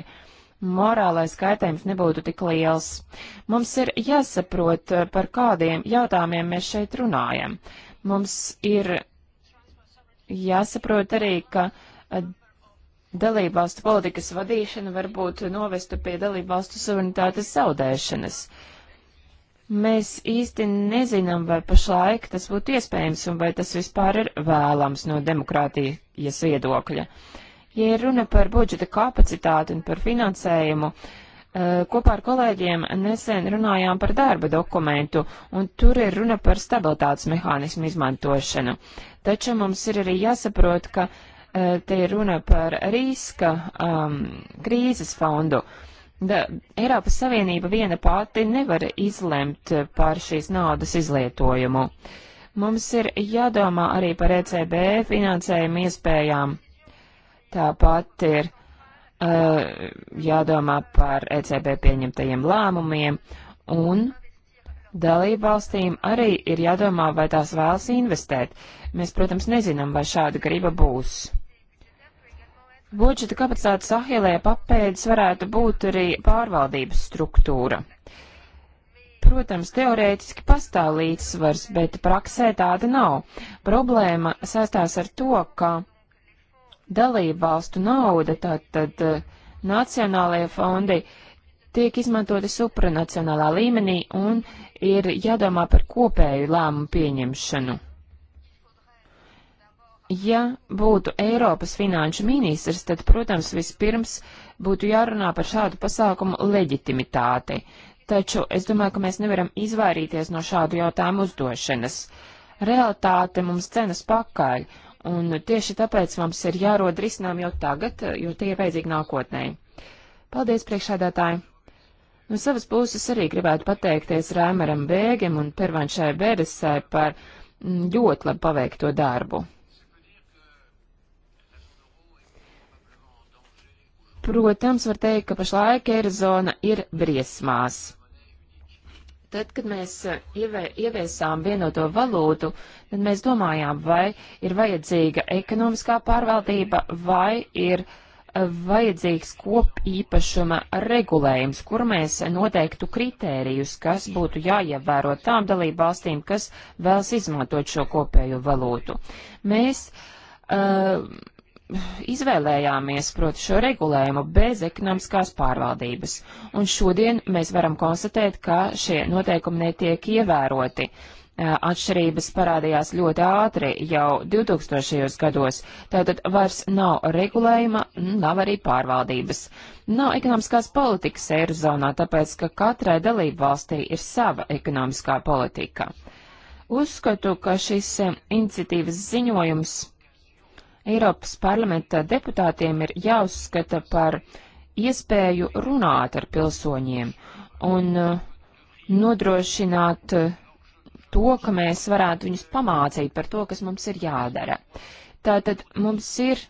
morālais kaitējums nebūtu tik liels. Mums ir jāsaprot, eh, par kādiem jautājumiem mēs šeit runājam. Mums ir jāsaprot arī, ka eh, dalībvalstu politikas vadīšana varbūt novestu pie dalībvalstu suverenitātes zaudēšanas. Uh, Mēs īsti nezinām, vai pašlaik tas būtu iespējams un vai tas vispār ir vēlams no demokrātijas viedokļa. Ja ir runa par budžeta kapacitāti un par finansējumu, eh, kopā ar kolēģiem nesen runājām par darba dokumentu, un tur ir runa par stabilitātes mehānismu izmantošanu. Taču mums ir arī jāsaprot, ka eh, te ir runa par riska um, krīzes fondu. Uh, Da, Eiropas Savienība viena pati nevar izlemt par šīs naudas izlietojumu. Mums ir jādomā arī par ECB finansējumu iespējām. Tāpat ir uh, jādomā par ECB pieņemtajiem lēmumiem un Dalībvalstīm arī ir jādomā, vai tās vēlas investēt. Mēs, protams, nezinām, vai šāda griba būs. Budžeta kapacitātes ahilē papēdis varētu būt arī pārvaldības struktūra. Protams, teorētiski pastāv līdzsvars, bet praksē tāda nav. Problēma saistās ar to, ka dalību valstu nauda, tātad eh, nacionālajie fondi, tiek izmantoti supranacionālā līmenī un ir jādomā par kopēju lēmumu pieņemšanu. Ja būtu Eiropas finanšu ministrs, tad, protams, vispirms būtu jārunā par šādu pasākumu leģitimitāti. Taču es domāju, ka mēs nevaram izvairīties no šādu jautājumu uzdošanas. Realtāte mums cenas pakaļ, un tieši tāpēc mums ir jārod risinām jau tagad, jo tie ir vajadzīgi nākotnē. Paldies, priekšādātāji! No savas puses arī gribētu pateikties Rēmaram Bēgam un Pervanšai Bēresai par mm, ļoti labi paveikto darbu. Protams, var teikt, ka pašlaik Eirozona ir briesmās. Tad, kad mēs e, ieviesām vienoto valūtu, tad mēs domājām, vai ir vajadzīga ekonomiskā pārvaldība, vai ir e, vajadzīgs kopīpašuma regulējums, kur mēs noteiktu kritērijus, kas būtu jāievēro tām dalību valstīm, kas vēlas izmantot šo kopējo valūtu. Mēs uh, izvēlējāmies proti šo regulējumu bez ekonomiskās pārvaldības, un šodien mēs varam konstatēt, ka šie noteikumi netiek ievēroti. Atšķirības parādījās ļoti ātri jau 2000. gados, tātad vairs nav regulējuma, nav arī pārvaldības. Nav ekonomiskās politikas Eirozonā, tāpēc, ka katrai dalību valstī ir sava ekonomiskā politika. Uzskatu, ka šis iniciatīvas ziņojums Eiropas parlamenta deputātiem ir jāuzskata par iespēju runāt ar pilsoņiem un uh, nodrošināt uh, to, ka mēs varētu viņus pamācīt par to, kas mums ir jādara. Tātad mums ir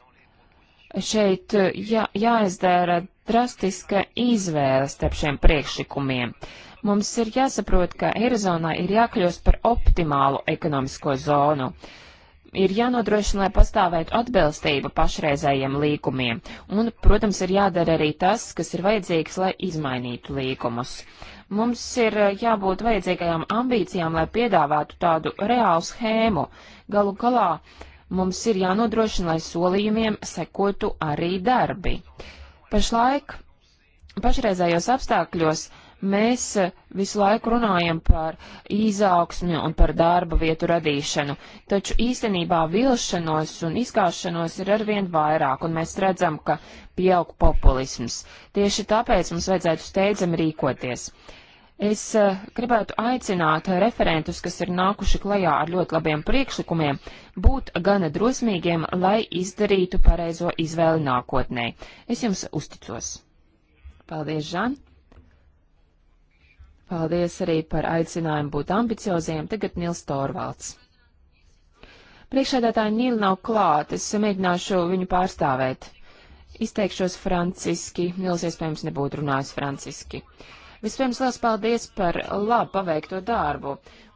šeit uh, jā, jāizdara drastiska izvēle starp šiem priekšlikumiem. Mums ir jāsaprot, ka Eirozonā ir jākļūst par optimālu ekonomisko zonu. Uh, ir jānodrošina, lai pastāvētu atbilstība pašreizējiem līkumiem, un, protams, ir jādara arī tas, kas ir vajadzīgs, lai izmainītu līkumus. Mums ir eh, jābūt vajadzīgajām ambīcijām, lai piedāvātu tādu reālu schēmu. Galu galā mums ir jānodrošina, lai solījumiem sekotu arī darbi. Pašlaik, pašreizējos apstākļos, uh, Mēs e, visu laiku runājam par izaugsmi un par darba vietu radīšanu, taču īstenībā vilšanos un izkāšanos ir arvien vairāk, un mēs redzam, ka pieaug populisms. Tieši tāpēc mums vajadzētu steidzami rīkoties. Es uh, gribētu aicināt referentus, kas ir nākuši klajā ar ļoti labiem priekšlikumiem, būt gana drosmīgiem, lai izdarītu pareizo izvēli nākotnē. Es jums uzticos. Paldies, Žan. Paldies arī par aicinājumu būt ambicioziem. Tagad Nils Torvalds. Priekšādātāja Nīla nav klāt, es mēģināšu viņu pārstāvēt. Izteikšos franciski, Nils iespējams nebūtu runājis franciski. Vispirms liels paldies par labu paveikto darbu.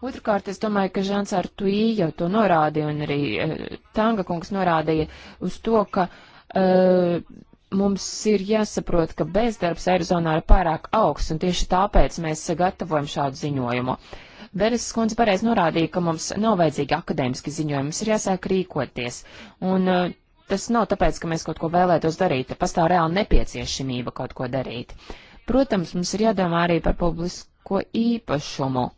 Otrakārt, es domāju, ka Žants Artuī jau to norādīja, un arī uh, Tanga kungs norādīja uz to, ka uh, mums ir jāsaprot, ka bezdarbs Arizonā ir pārāk augsts, un tieši tāpēc mēs sagatavojam šādu ziņojumu. Beres skundze pareizi norādīja, ka mums nav vajadzīgi akadēmiski ziņojumi, mums ir jāsāk rīkoties. Un uh, tas nav tāpēc, ka mēs kaut ko vēlētos darīt, pastāv reāla nepieciešamība kaut ko darīt. Protams, mums ir jādomā arī par publisko īpašumu.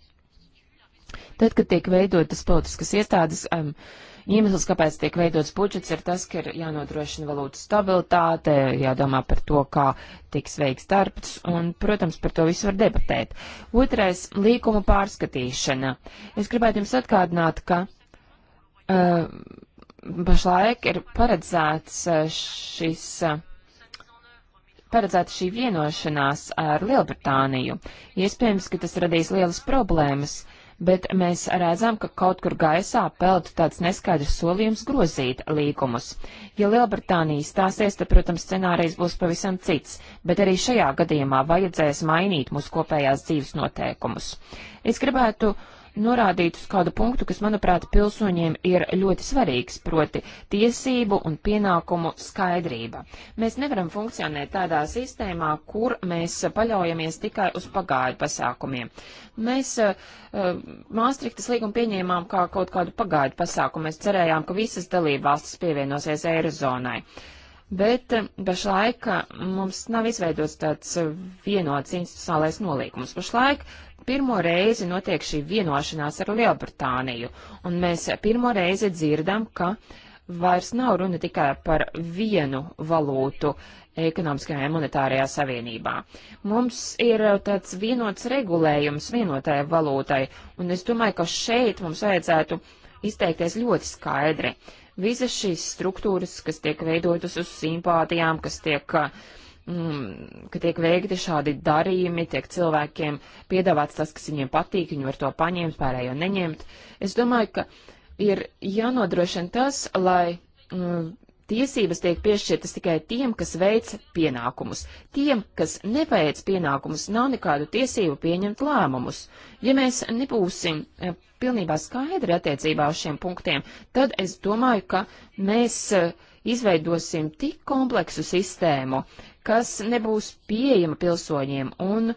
Tad, kad tiek veidotas politiskas iestādes, um, uh, Iemesls, kāpēc tiek veidots budžets, ir tas, ka ir jānodrošina valūtu stabilitāte, jādomā par to, kā tiks veiks darbs, un, protams, par to visu var debatēt. Otrais - līkuma pārskatīšana. Es gribētu jums atgādināt, ka. Uh, Pašlaik ir paredzēts uh, šis uh, paredzēta šī vienošanās ar Lielbritāniju. Iespējams, ka tas radīs lielas problēmas, bet mēs redzam, ka kaut kur gaisā peld tāds neskaidrs solījums grozīt līgumus. Ja Lielbritānija stāsies, tad, protams, scenārijs būs pavisam cits, bet arī šajā gadījumā vajadzēs mainīt mūsu kopējās dzīves noteikumus. Es gribētu uh, norādīt uz kādu punktu, kas, manuprāt, pilsoņiem ir ļoti svarīgs, proti tiesību un pienākumu skaidrība. Mēs nevaram funkcionēt tādā sistēmā, kur mēs paļaujamies tikai uz pagāju pasākumiem. Mēs uh, eh, Māstriktas līgumu pieņēmām kā kaut kādu pagāju pasākumu. Mēs cerējām, ka visas dalībvalstis pievienosies Eirozonai. Uh, bet eh, pašlaik eh, mums nav izveidots tāds eh, vienots institucionālais nolīgums. Pašlaik pirmo reizi notiek šī vienošanās ar Lielbritāniju, un mēs pirmo reizi dzirdam, ka vairs nav runa tikai par vienu valūtu ekonomiskajā un monetārajā savienībā. Mums ir tāds vienots regulējums vienotajai valūtai, un es domāju, ka šeit mums vajadzētu izteikties ļoti skaidri. Uh, Visas šīs struktūras, kas tiek veidotas uz simpātijām, kas tiek, mm, ka tiek veikti šādi darījumi, tiek cilvēkiem piedāvāts tas, kas viņiem patīk, viņi var to paņemt, pārējo neņemt. Es domāju, ka ir jānodrošina tas, lai mm, tiesības tiek piešķirtas tikai tiem, kas veic pienākumus. Tiem, kas neveic pienākumus, nav nekādu tiesību pieņemt lēmumus. Ja mēs nebūsim e, pilnībā skaidri attiecībā uz šiem punktiem, tad es domāju, ka mēs e, izveidosim tik kompleksu sistēmu, kas nebūs pieejama pilsoņiem un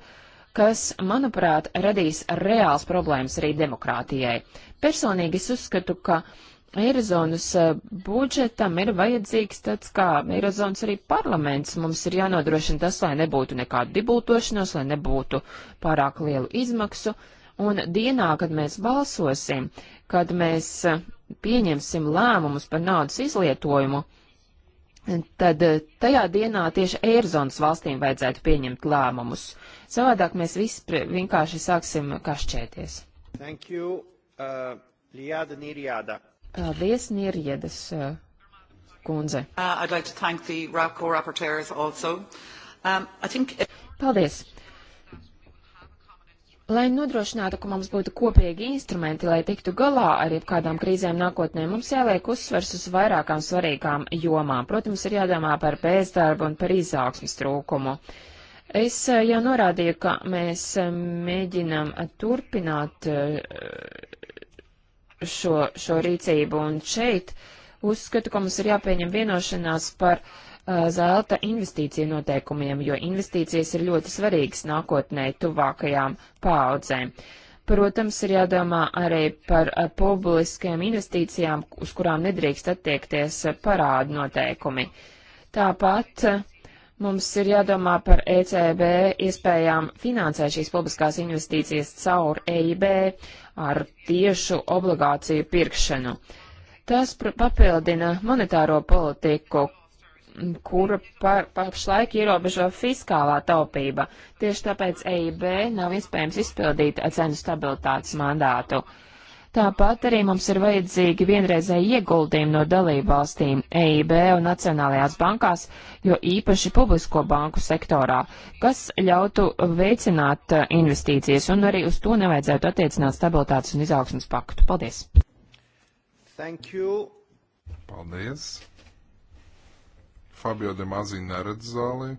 kas, manuprāt, radīs reāls problēmas arī demokrātijai. Personīgi es uzskatu, ka uh, Eirozonas eh, budžetam ir vajadzīgs tāds kā Eirozonas arī parlaments. Mums ir jānodrošina tas, lai nebūtu nekādu dibultošanos, lai nebūtu pārāk lielu izmaksu. Un dienā, kad mēs balsosim, kad mēs eh, pieņemsim lēmumus par naudas izlietojumu, tad eh, tajā dienā tieši Eirozonas valstīm vajadzētu pieņemt lēmumus. Savādāk mēs visi vienkārši sāksim kašķēties. Thank you. Uh, Liada Nirjāda. Paldies, Nirjedas eh, kundze. Uh, um, Paldies. Lai nodrošinātu, ka mums būtu kopīgi instrumenti, lai tiktu galā ar jebkādām krīzēm nākotnē, mums jāliek uzsvers uz vairākām svarīgām jomām. Protams, ir jādomā par bezdarbu un par izaugsmas trūkumu. Es eh, jau norādīju, ka mēs eh, mēģinam turpināt šo, šo rīcību. Un šeit uzskatu, ka mums ir jāpieņem vienošanās par uh, zelta investīciju noteikumiem, jo investīcijas ir ļoti svarīgas nākotnē tuvākajām paaudzēm. Protams, ir jādomā arī par uh, publiskajām investīcijām, uz kurām nedrīkst attiekties uh, parādu noteikumi. Tāpat uh, mums ir jādomā par ECB iespējām finansēt šīs publiskās investīcijas caur EIB, ar tiešu obligāciju pirkšanu. Tas papildina monetāro politiku, kura pašlaik ierobežo fiskālā taupība. Tieši tāpēc EIB nav iespējams izpildīt cenu stabilitātes mandātu. Uh, Tāpat arī mums ir vajadzīgi vienreizēji ieguldījumi no dalībvalstīm EIB un Nacionālajās bankās, jo īpaši publisko banku sektorā, kas ļautu veicināt eh, investīcijas, un arī uz to nevajadzētu attiecināt stabilitātes un izaugsmas paktu. Paldies! Thank you! Paldies! Fabio de Mazī neredz zāli.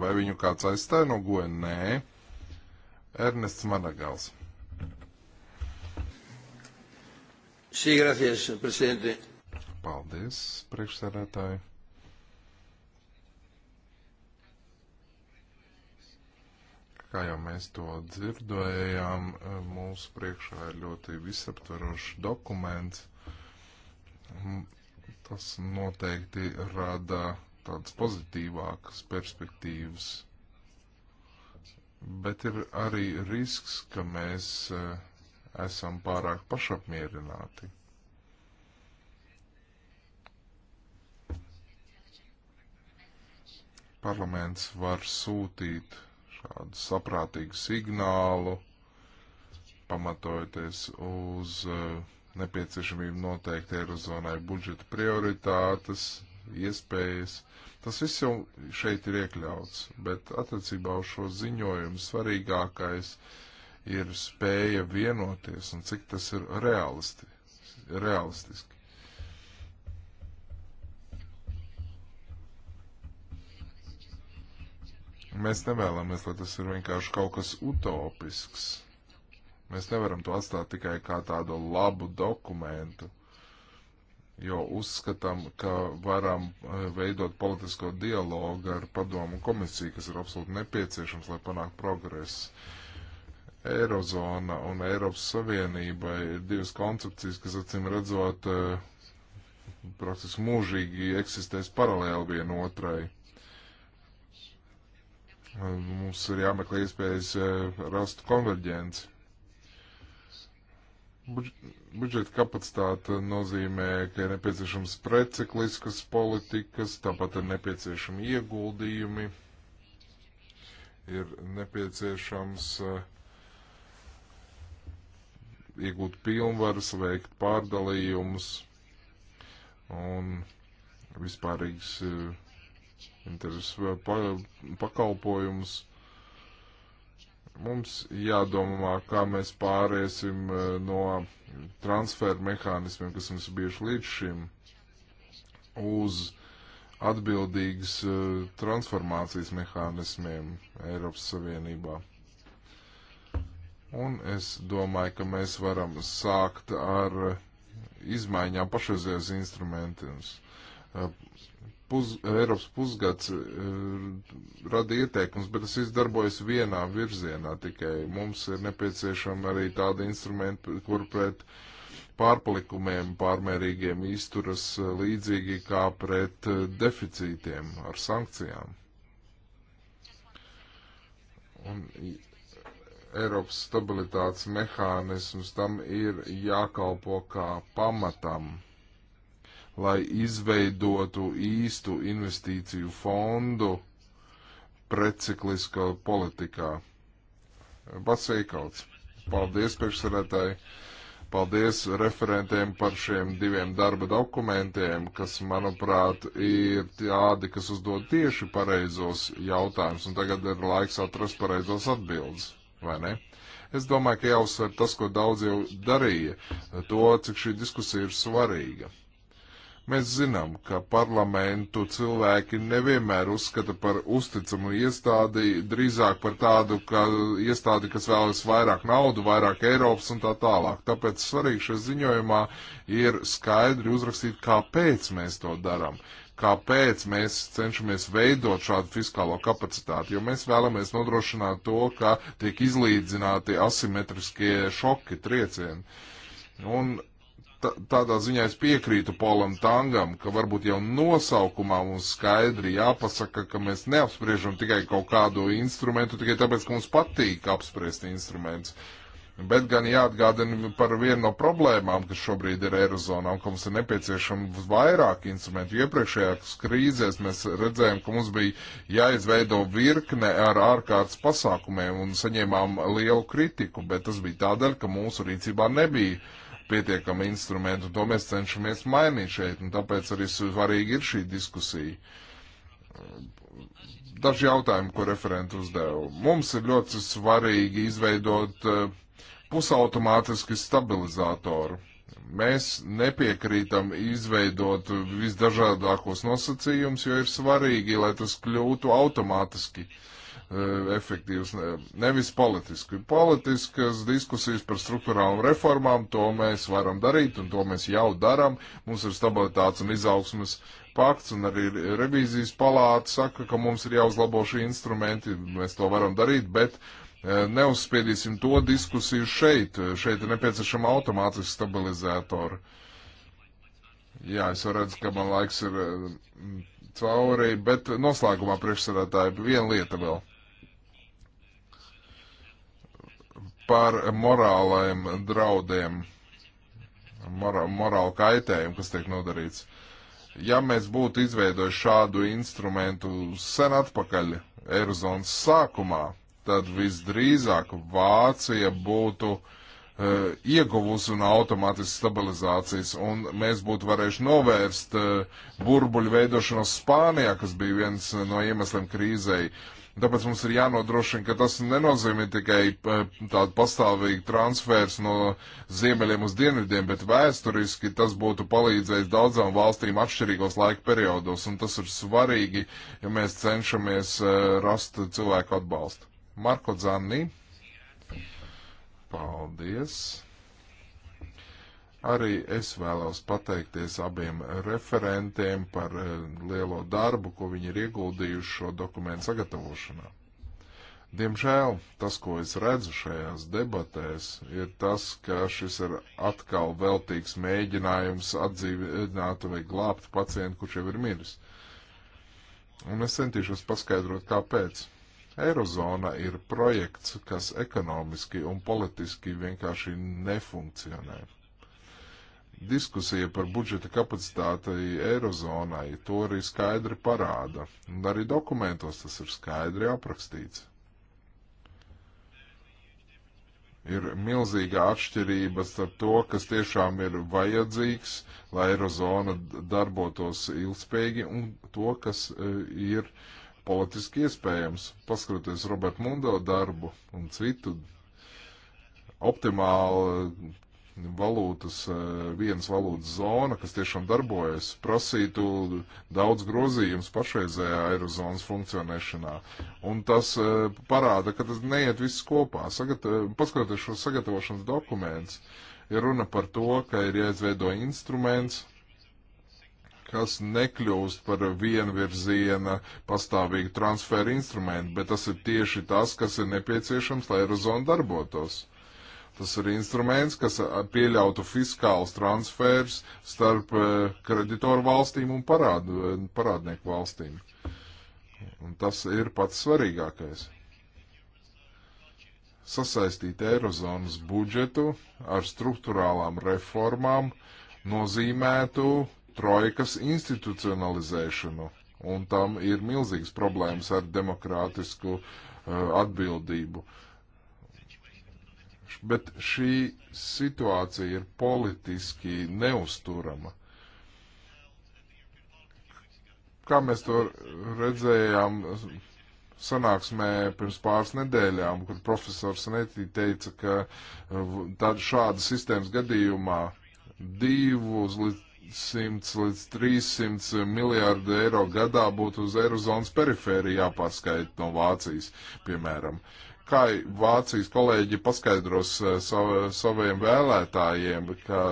Vai viņu kāds aizstāja no goja? Nē. Ernests Madagals. Sí, gracias, presidente. Paldies, priekšsēdētāji. Kā jau mēs to dzirdējām, mūsu priekšā ir ļoti visaptverošs dokuments. Tas noteikti rada tādas pozitīvākas perspektīvas. Bet ir arī risks, ka mēs uh, esam pārāk pašapmierināti. Parlaments var sūtīt šādu saprātīgu signālu, pamatojoties uz eh, nepieciešamību noteikt Eirozonai budžeta prioritātes, iespējas. Tas viss jau šeit ir iekļauts, bet attiecībā uz šo ziņojumu svarīgākais ir ir spēja vienoties un cik tas ir realisti, realistiski. Mēs nevēlamies, lai tas ir vienkārši kaut kas utopisks. Mēs nevaram to atstāt tikai kā tādu labu dokumentu, jo uzskatām, ka varam eh, veidot politisko dialogu ar padomu komisiju, kas ir absolūti nepieciešams, lai panāktu progresu Eirozona un Eiropas Savienība ir divas koncepcijas, kas acīm redzot eh, praktiski mūžīgi eksistēs paralēli viena otrai. Mums ir jāmeklē iespējas eh, rast konverģenci. Budžeta kapacitāte nozīmē, ka ir nepieciešams precikliskas politikas, tāpat ir nepieciešami ieguldījumi, ir nepieciešams uh, iegūt pilnvaras, veikt pārdalījumus un vispārīgs eh, interesu eh, pakalpojumus. Mums jādomā, kā mēs pāriesim eh, no transferu mehānismiem, kas mums bijuši līdz šim, uz atbildīgas transformācijas mehānismiem Eiropas Savienībā. Un es domāju, ka mēs varam sākt ar izmaiņām pašreizējos instrumentus. Puz, Eiropas pusgads rada ieteikums, bet tas viss darbojas vienā virzienā tikai. Mums ir nepieciešama arī tāda instrumenta, kur pret pārpalikumiem pārmērīgiem izturas līdzīgi kā pret deficītiem ar sankcijām. Un Eiropas stabilitātes mehānisms tam ir jākalpo kā pamatam, lai izveidotu īstu investīciju fondu precikliskā politikā. Basveikauts. Paldies, priekšsarētāji. Paldies referentiem par šiem diviem darba dokumentiem, kas, manuprāt, ir tādi, kas uzdod tieši pareizos jautājumus, un tagad ir laiks atrast pareizos atbildes vai ne? Es domāju, ka jāuzsver tas, ko daudz jau darīja, to, cik šī diskusija ir svarīga. Mēs zinām, ka parlamentu cilvēki nevienmēr uzskata par uzticamu iestādi, drīzāk par tādu ka iestādi, kas vēlas vairāk naudu, vairāk Eiropas un tā tālāk. Tāpēc svarīgi šajā ziņojumā ir skaidri uzrakstīt, kāpēc mēs to darām kāpēc mēs cenšamies veidot šādu fiskālo kapacitāti, jo mēs vēlamies nodrošināt to, ka tiek izlīdzināti asimetriskie šoki, triecieni. Un tādā ziņā es piekrītu Polam Tangam, ka varbūt jau nosaukumā mums skaidri jāpasaka, ka mēs neapspriežam tikai kaut kādu instrumentu, tikai tāpēc, ka mums patīk apspriest instruments. Bet gan jāatgādina par vienu no problēmām, kas šobrīd ir Eirozonā, un ka mums ir nepieciešama vairāk instrumentu. Iepriekšējās krīzēs mēs redzējām, ka mums bija jāizveido virkne ar ārkārtas pasākumiem un saņēmām lielu kritiku, bet tas bija tādēļ, ka mūsu rīcībā nebija pietiekami instrumenti, un to mēs cenšamies mainīt šeit, un tāpēc arī svarīgi ir šī diskusija. Daži jautājumi, ko referenti uzdeva. Mums ir ļoti svarīgi izveidot uh, pusautomātiski stabilizatoru. Mēs nepiekrītam izveidot visdažādākos nosacījumus, jo ir svarīgi, lai tas kļūtu automātiski e, efektīvs, nevis politiski. Politiskas diskusijas par struktūrām reformām, to mēs varam darīt un to mēs jau daram. Mums ir stabilitātes un izaugsmas pakts un arī revīzijas palāta saka, ka mums ir jāuzlabo šī instrumenti, mēs to varam darīt, bet uh, Eh, neuzspiedīsim to diskusiju šeit. Eh, šeit ir nepieciešama automātiski stabilizētori. Jā, es redzu, ka man laiks ir eh, cauri, bet noslēgumā priekšsēdētāji viena lieta vēl. Par morālajiem draudiem, mora, morālu kaitējumu, kas tiek nodarīts. Ja mēs būtu izveidojuši šādu instrumentu sen atpakaļ, Eirozonas sākumā, tad visdrīzāk Vācija būtu uh, ieguvusi no automātiskas stabilizācijas, un mēs būtu varējuši novērst uh, burbuļu veidošanos Spānijā, kas bija viens no iemesliem krīzei. Tāpēc mums ir jānodrošina, ka tas nenozīmē tikai e, tādu pastāvīgu transfers no ziemeļiem uz dienvidiem, bet vēsturiski tas būtu palīdzējis daudzām valstīm atšķirīgos laika periodos, un tas ir svarīgi, ja mēs cenšamies uh, rast cilvēku atbalstu. Marko Dzanni. Paldies! Arī es vēlos pateikties abiem referentiem par eh, lielo darbu, ko viņi ir ieguldījuši šo dokumentu sagatavošanā. Diemžēl tas, ko es redzu šajās debatēs, ir tas, ka šis ir atkal veltīgs mēģinājums atdzīvināt vai glābt pacientu, kurš jau ir miris. Un es centīšos paskaidrot, kāpēc. Eirozona ir projekts, kas ekonomiski un politiski vienkārši nefunkcionē. Diskusija par budžeta kapacitāti Eirozonai to arī skaidri parāda, un arī dokumentos tas ir skaidri aprakstīts. Ir milzīga atšķirība starp to, kas tiešām ir vajadzīgs, lai Eirozona darbotos ilgspējīgi, un to, kas e, ir uh, politiski iespējams. Paskatoties Roberta Mundo darbu un citu, optimāli valūtas, eh, vienas valūtas zona, kas tiešām darbojas, prasītu daudz grozījums pašreizējā aerozonas funkcionēšanā. Un tas eh, parāda, ka tas neiet viss kopā. Sagat, eh, paskatoties šo sagatavošanas dokumentus, ir runa par to, ka ir jāizveido instruments, kas nekļūst par vienvirziena pastāvīgu transferu instrumentu, bet tas ir tieši tas, kas ir nepieciešams, lai Eirozona darbotos. Tas ir instruments, kas pieļautu fiskālus transfers starp e, kreditoru valstīm un parādu, e, parādnieku valstīm. Un tas ir pats svarīgākais sasaistīt Eirozonas budžetu ar struktūrālām reformām nozīmētu trojkas institucionalizēšanu, un tam ir milzīgas problēmas ar demokrātisku uh, atbildību. Bet šī situācija ir politiski neusturama. Kā mēs to redzējām sanāksmē pirms pāris nedēļām, kur profesors Netī teica, ka uh, tāda šāda sistēmas gadījumā divus līdz 100 līdz 300 miljārdu eiro gadā būtu uz Eirozonas perifēriju jāpaskaita no Vācijas, piemēram. Kā Vācijas kolēģi paskaidros eh, sav, saviem vēlētājiem, ka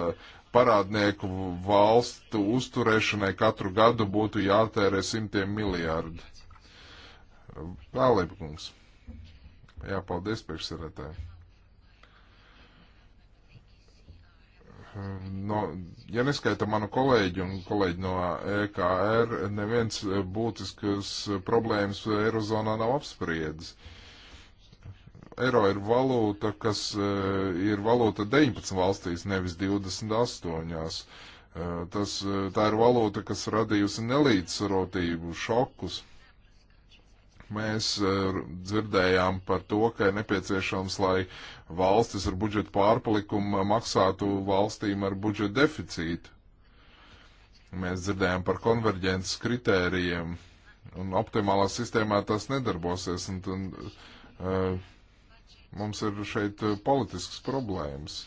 parādnieku valstu uzturēšanai katru gadu būtu jātērē simtiem miljārdu? Vēlēpkungs. Jā, paldies priekšsarētāji. no, ja neskaita manu kolēģi un kolēģi no EKR, neviens eh, būtiskas eh, problēmas Eirozonā nav apspriedis. Eiro ir valūta, kas eh, ir valūta 19 valstīs, nevis 28. Tas, tā ir valūta, kas radījusi nelīdzsvarotību, šokus. Mēs e, dzirdējām par to, ka ir nepieciešams, lai valstis ar budžetu pārpalikumu maksātu valstīm ar budžetu deficītu. Mēs dzirdējām par konverģences kritērijiem, un optimālā sistēmā tas nedarbosies. Un, un, uh, e, mums ir šeit e, politisks problēmas.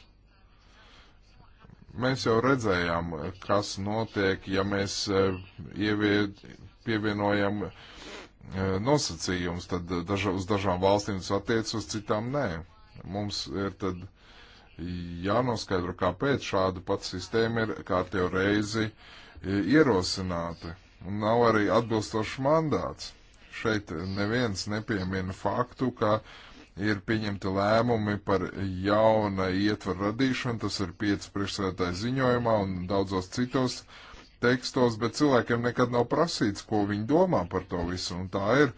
Mēs jau redzējām, kas notiek, ja mēs ievied, pievienojam E, nosacījums, tad daža, uz dažām valstīm tas attiecas, uz citām nē. Mums ir tad jānoskaidro, kāpēc šāda pat sistēma ir kārtējo reizi e, ierosināta. Un nav arī atbilstošs mandāts. Šeit neviens nepiemina faktu, ka ir pieņemti lēmumi par jauna ietvaru radīšanu, tas ir 5 priekšsēdētāji ziņojumā un daudzos citos uh, tekstos, bet cilvēkiem nekad nav prasīts, ko viņi domā par to visu. Un tā ir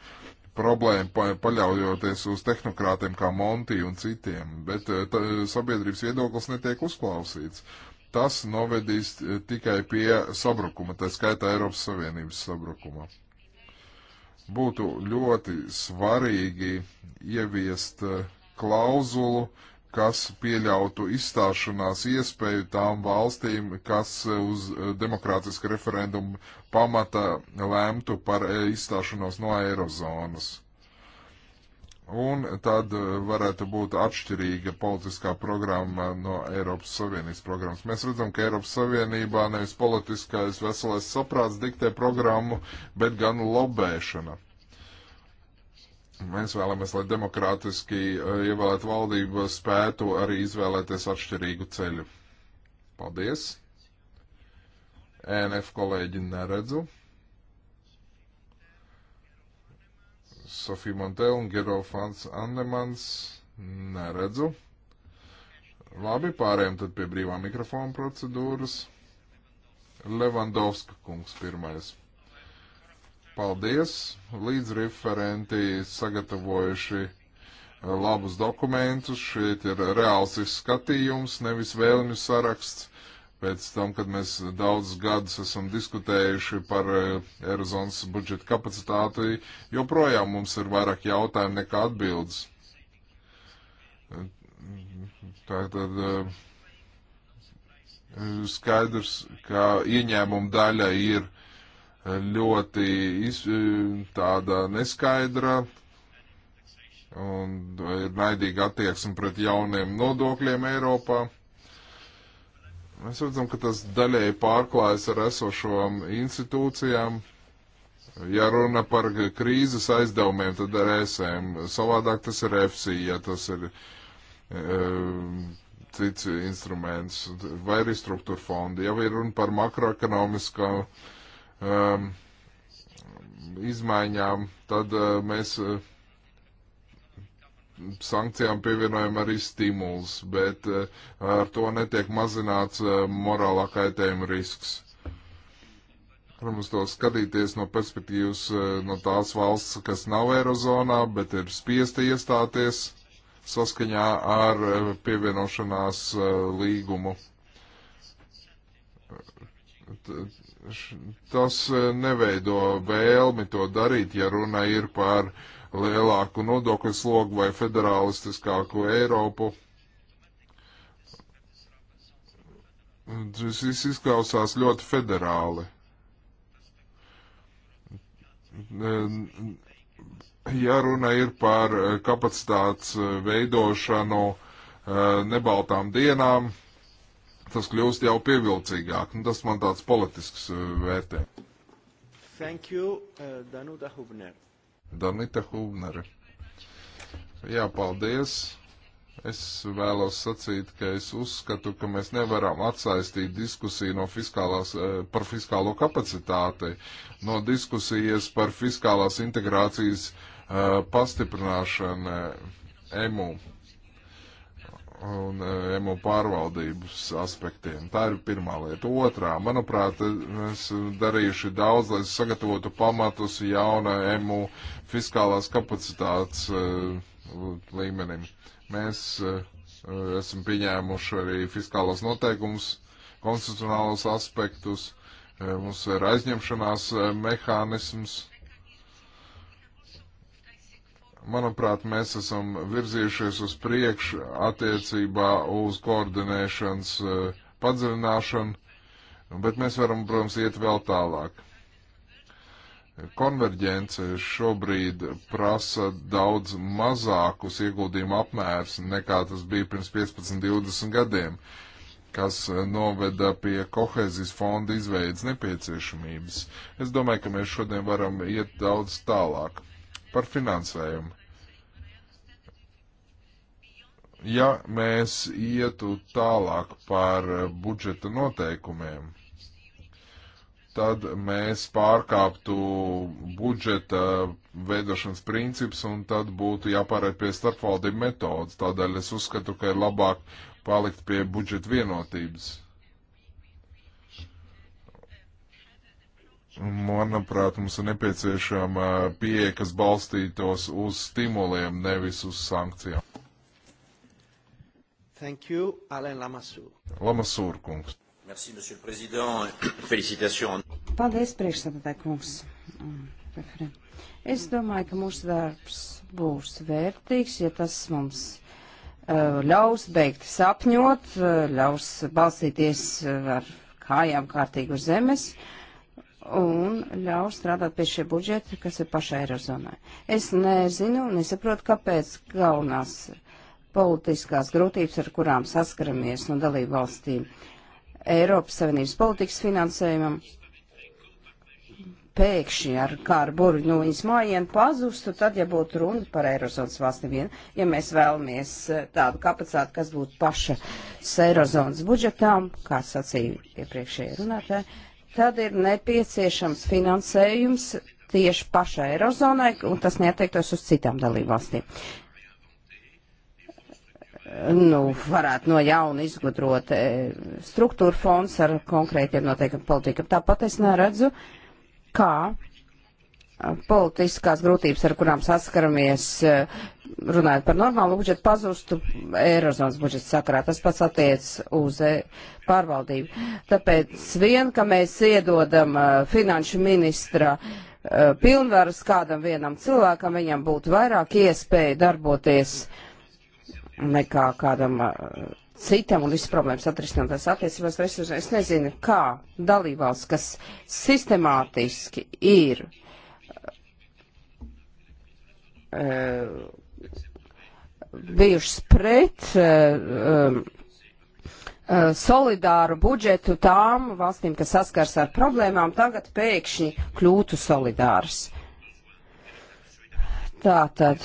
problēma, pa, paļaujoties uz tehnokrātiem kā Monti un citiem, bet eh, tā, sabiedrības viedoklis netiek uzklausīts. Tas novedīs eh, tikai pie sabrukuma, tā skaitā Eiropas Savienības sabrukuma. Būtu ļoti svarīgi ieviest eh, klauzulu, uh, kas pieļautu izstāšanās iespēju tām valstīm, kas uz eh, demokrātiska referendumu pamata lēmtu par eh, izstāšanos no eirozonas. Un tad eh, varētu būt atšķirīga politiskā programma no Eiropas Savienības programmas. Mēs redzam, ka Eiropas Savienībā nevis politiskais veselais saprāts diktē programmu, bet gan lobēšana. Mēs vēlamies, lai demokrātiski eh, ievēlēt valdību spētu arī izvēlēties atšķirīgu ceļu. Paldies! ENF kolēģi neredzu. Sofija Montel un Gerofans Annemans neredzu. Labi, pārējām tad pie brīvā mikrofona procedūras. Levandovska kungs pirmais. Paldies! Līdzreferenti sagatavojuši eh, labus dokumentus. Šeit ir reāls izskatījums, nevis vēlmju saraksts. Pēc tam, kad mēs daudz gadus esam diskutējuši par eh, Eirozonas budžeta kapacitāti, joprojām mums ir vairāk jautājumu nekā atbildes. Tātad eh, skaidrs, ka ieņēmuma daļa ir ļoti iz, e, tāda neskaidra un ir naidīga attieksme pret jauniem nodokļiem Eiropā. Mēs redzam, ka tas daļēji pārklājas ar esošām institūcijām. Ja runa par krīzes aizdevumiem, tad ar ESM. Savādāk tas ir FC, ja tas ir um, cits instruments, vai arī struktūra fondi. Ja ir runa par makroekonomiskām uh, um, izmaiņām, tad uh, mēs uh, sankcijām pievienojam arī stimulus, bet uh, ar to netiek mazināts uh, morālā kaitējuma risks. Protams, to skatīties no perspektīvas uh, no tās valsts, kas nav Eirozonā, bet ir spiesta iestāties saskaņā ar uh, pievienošanās uh, līgumu. T tas e, neveido vēlmi to darīt, ja runa ir par lielāku nodokļu slogu vai federālistiskāku Eiropu. Tas viss izklausās ļoti federāli. E, ja runa ir par kapacitātes veidošanu e, nebaltām dienām, tas kļūst jau pievilcīgāk. Nu, tas man tāds politisks uh, vērtē. Thank you, uh, Danuta Hubner. Danita Hubner. Jā, paldies. Es vēlos sacīt, ka es uzskatu, ka mēs nevaram atsaistīt diskusiju no fiskālās, uh, par fiskālo kapacitāti, no diskusijas par fiskālās integrācijas uh, pastiprināšanu EMU un e, emo pārvaldības aspektiem. Tā ir pirmā lieta. Otrā, manuprāt, e, mēs darījuši daudz, lai sagatavotu pamatus jauna emu fiskālās kapacitātes e, līmenim. Mēs esam pieņēmuši arī fiskālos noteikumus, konstitucionālos aspektus, mums ir aizņemšanās mehānisms Manuprāt, mēs esam virzījušies uz priekšu attiecībā uz koordinēšanas eh, padziļināšanu, bet mēs varam, protams, iet vēl tālāk. Konverģence šobrīd prasa daudz mazākus ieguldījumu apmērs nekā tas bija pirms 15-20 gadiem, kas eh, noveda pie kohēzijas fonda izveidas nepieciešamības. Es domāju, ka mēs šodien varam iet daudz tālāk par finansējumu. Ja mēs ietu tālāk par budžeta noteikumiem, tad mēs pārkāptu budžeta veidošanas princips un tad būtu jāpārēt pie starpvaldību metodas. Tādēļ es uzskatu, ka ir labāk palikt pie budžeta vienotības. Manuprāt, mums ir nepieciešama pieeja, kas balstītos uz stimuliem, nevis uz sankcijām. Thank you, Alain Lamassur. Lamassur, kungs. Merci, monsieur le président. Félicitations. Paldies, priekšsēdētāj, kungs. Mm, es domāju, ka mūsu darbs būs vērtīgs, ja tas mums uh, ļaus beigt sapņot, uh, ļaus balstīties uh, ar kājām kārtīgi uz zemes. Uh, un ļauj strādāt pie šie budžeti, kas ir pašai Eirozonai. Es nezinu, nesaprotu, kāpēc galvenās politiskās grūtības, ar kurām saskaramies no dalību valstīm Eiropas Savienības politikas finansējumam, pēkšņi ar kāru burvi no nu, viņas mājien pazustu, tad, ja būtu runa par Eirozonas valsti vien, ja mēs vēlamies eh, tādu kapacitāti, kas būtu paša Eirozonas budžetām, kā sacīja iepriekšējie runātāji, tad ir nepieciešams finansējums tieši pašai Eirozonai, un tas neatteiktos uz citām dalībvalstīm. Nu, varētu no jauna izgudrot e, struktūra fonds ar konkrētiem noteikumiem politikam. Tāpat es neredzu, kā politiskās grūtības, ar kurām saskaramies e, runājot par normālu budžetu, pazustu Eirozonas budžeta sakarā. Tas pats attiec uz e, pārvaldību. Tāpēc vien, ka mēs iedodam e, finanšu ministra e, pilnvaras kādam vienam cilvēkam, viņam būtu vairāk iespēja darboties nekā kādam citam un visas problēmas atrisinātās attiecībās. Es nezinu, kā dalībvalsts, kas sistemātiski ir bijušas pret uh, uh, solidāru budžetu tām valstīm, kas saskars ar problēmām, tagad pēkšņi kļūtu solidārs. Tātad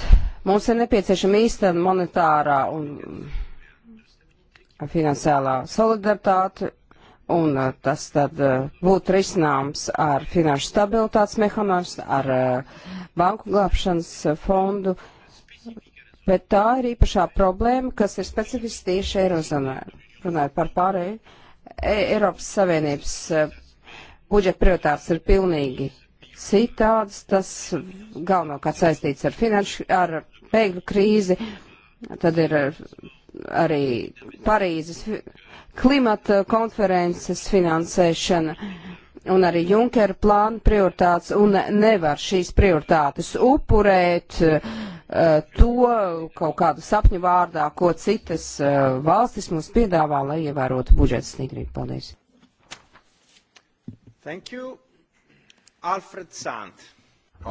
mums ir nepieciešama īstena monetārā un finansiālā solidaritāte, un tas tad būtu risināms ar finanšu stabilitātes mehānismu, ar banku glābšanas fondu. Uh, bet tā ir īpašā problēma, kas ir specifiski tieši Eirozonā. Runājot par pārēju, e, Eiropas Savienības e, budžeta prioritātes ir pilnīgi citādas, tas galvenokārt saistīts ar finanšu, ar bēgļu krīzi, tad ir arī Parīzes klimata konferences finansēšana un arī Junkera plāna prioritātes, un nevar šīs prioritātes upurēt, uh, Eh, to kaut kādu sapņu vārdā, ko citas eh, valstis mums piedāvā, lai ievērotu budžeta snigrību. Paldies. Thank you. Alfred Sant.